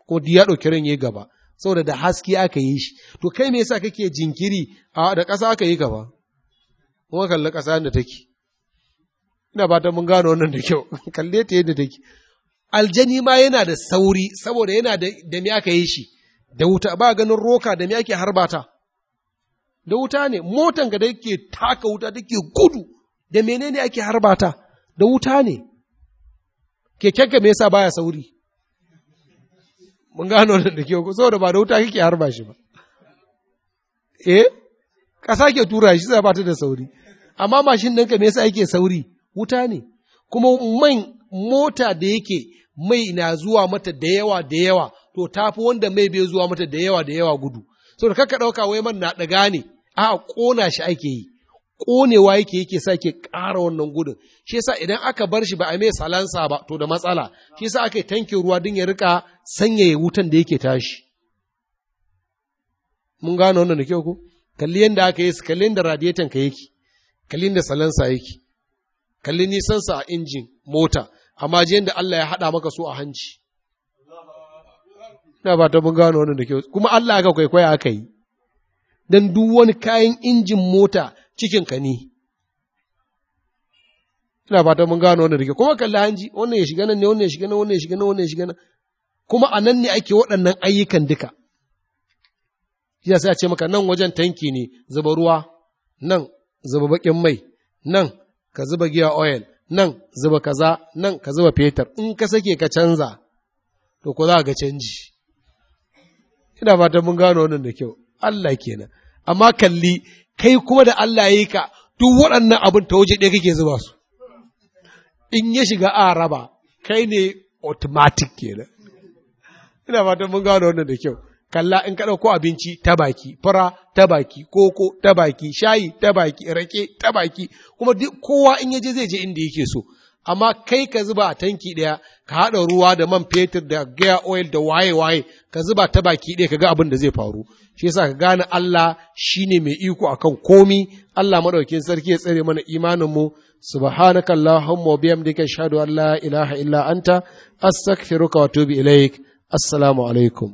ko duk ya ɗauki ran yayi gaba saboda da haske aka yi shi to kai me yasa kake jinkiri a da ƙasa aka yi gaba. kuma kalli ƙasa da take ina ba ta mun gano wannan da kyau <laughs> kalle ta yadda take aljani ma yana da sauri saboda yana da da me aka yi shi da wuta ba ganin roka da me ake harbata da wuta ne motan ga da yake taka wuta take gudu da menene ake harbata da wuta ne kekenka me yasa baya sauri mun gano nan da kyau saboda ba da wuta kake harba shi ba eh ƙasa ke tura shi sai ba ta da sauri amma mashin ɗinka me yasa yake sauri wuta ne kuma man mota da yake mai na zuwa mata da yawa da yawa to tafi wanda mai bai zuwa mata da yawa da yawa gudu saboda kakka ɗauka wai man na ɗaga ne a ƙona shi ake yi ƙonewa yake yake sa ke ƙara wannan gudun shi yasa idan aka bar shi ba a mai salansa ba to da matsala shi yasa aka yi tankin ruwa don ya rika sanyaya wutan da yake tashi mun gano wannan da kyau ko kalli yadda aka yi su kalli da radiator ka yake kalli da salansa yake kalli nisan sa a injin mota amma je yadda Allah ya haɗa maka su a hanci ina ba ta mun gano wannan da kyau kuma Allah aka kwaikwaya aka yi don duk wani kayan injin mota cikinka ni. Ina fata mun gano wannan rike, kuma kalli hanji, wannan ya shiga nan ne, wannan ya shiga nan, wannan ya shiga nan, wannan ya shiga nan. Kuma a nan ne ake waɗannan ayyukan duka. Ya sai a ce maka nan wajen tanki ne, zuba ruwa, nan zuba baƙin mai, nan ka zuba giya oil, nan zuba kaza, nan ka zuba fetur, in ka sake ka canza, to ko za ga canji. Ina fatan mun gano wannan da kyau, Allah kenan. Amma kalli kai kuma da Allah ya yi ka duk waɗannan abin ta waje ɗaya kake zuba su in ya shiga Araba kai ne automatic kenan ina fatan mun gano wannan da kyau kalla in ka ɗauko abinci ta baki fara ta baki koko ta baki shayi ta baki rake ta baki kuma kowa in ya je zai je inda yake so amma kai ka zuba a tanki ɗaya ka haɗa ruwa da man fetur da gaya oil da waye-waye ka zuba ta baki ɗaya ka ga abin da zai faru shi yasa ka gane Allah shi ne mai iko a kan komi Allah maɗaukin sarki ya tsare mana imanin mu subhanaka allahumma wa bihamdika ashhadu an la ilaha illa anta astaghfiruka wa atubu ilaik assalamu alaikum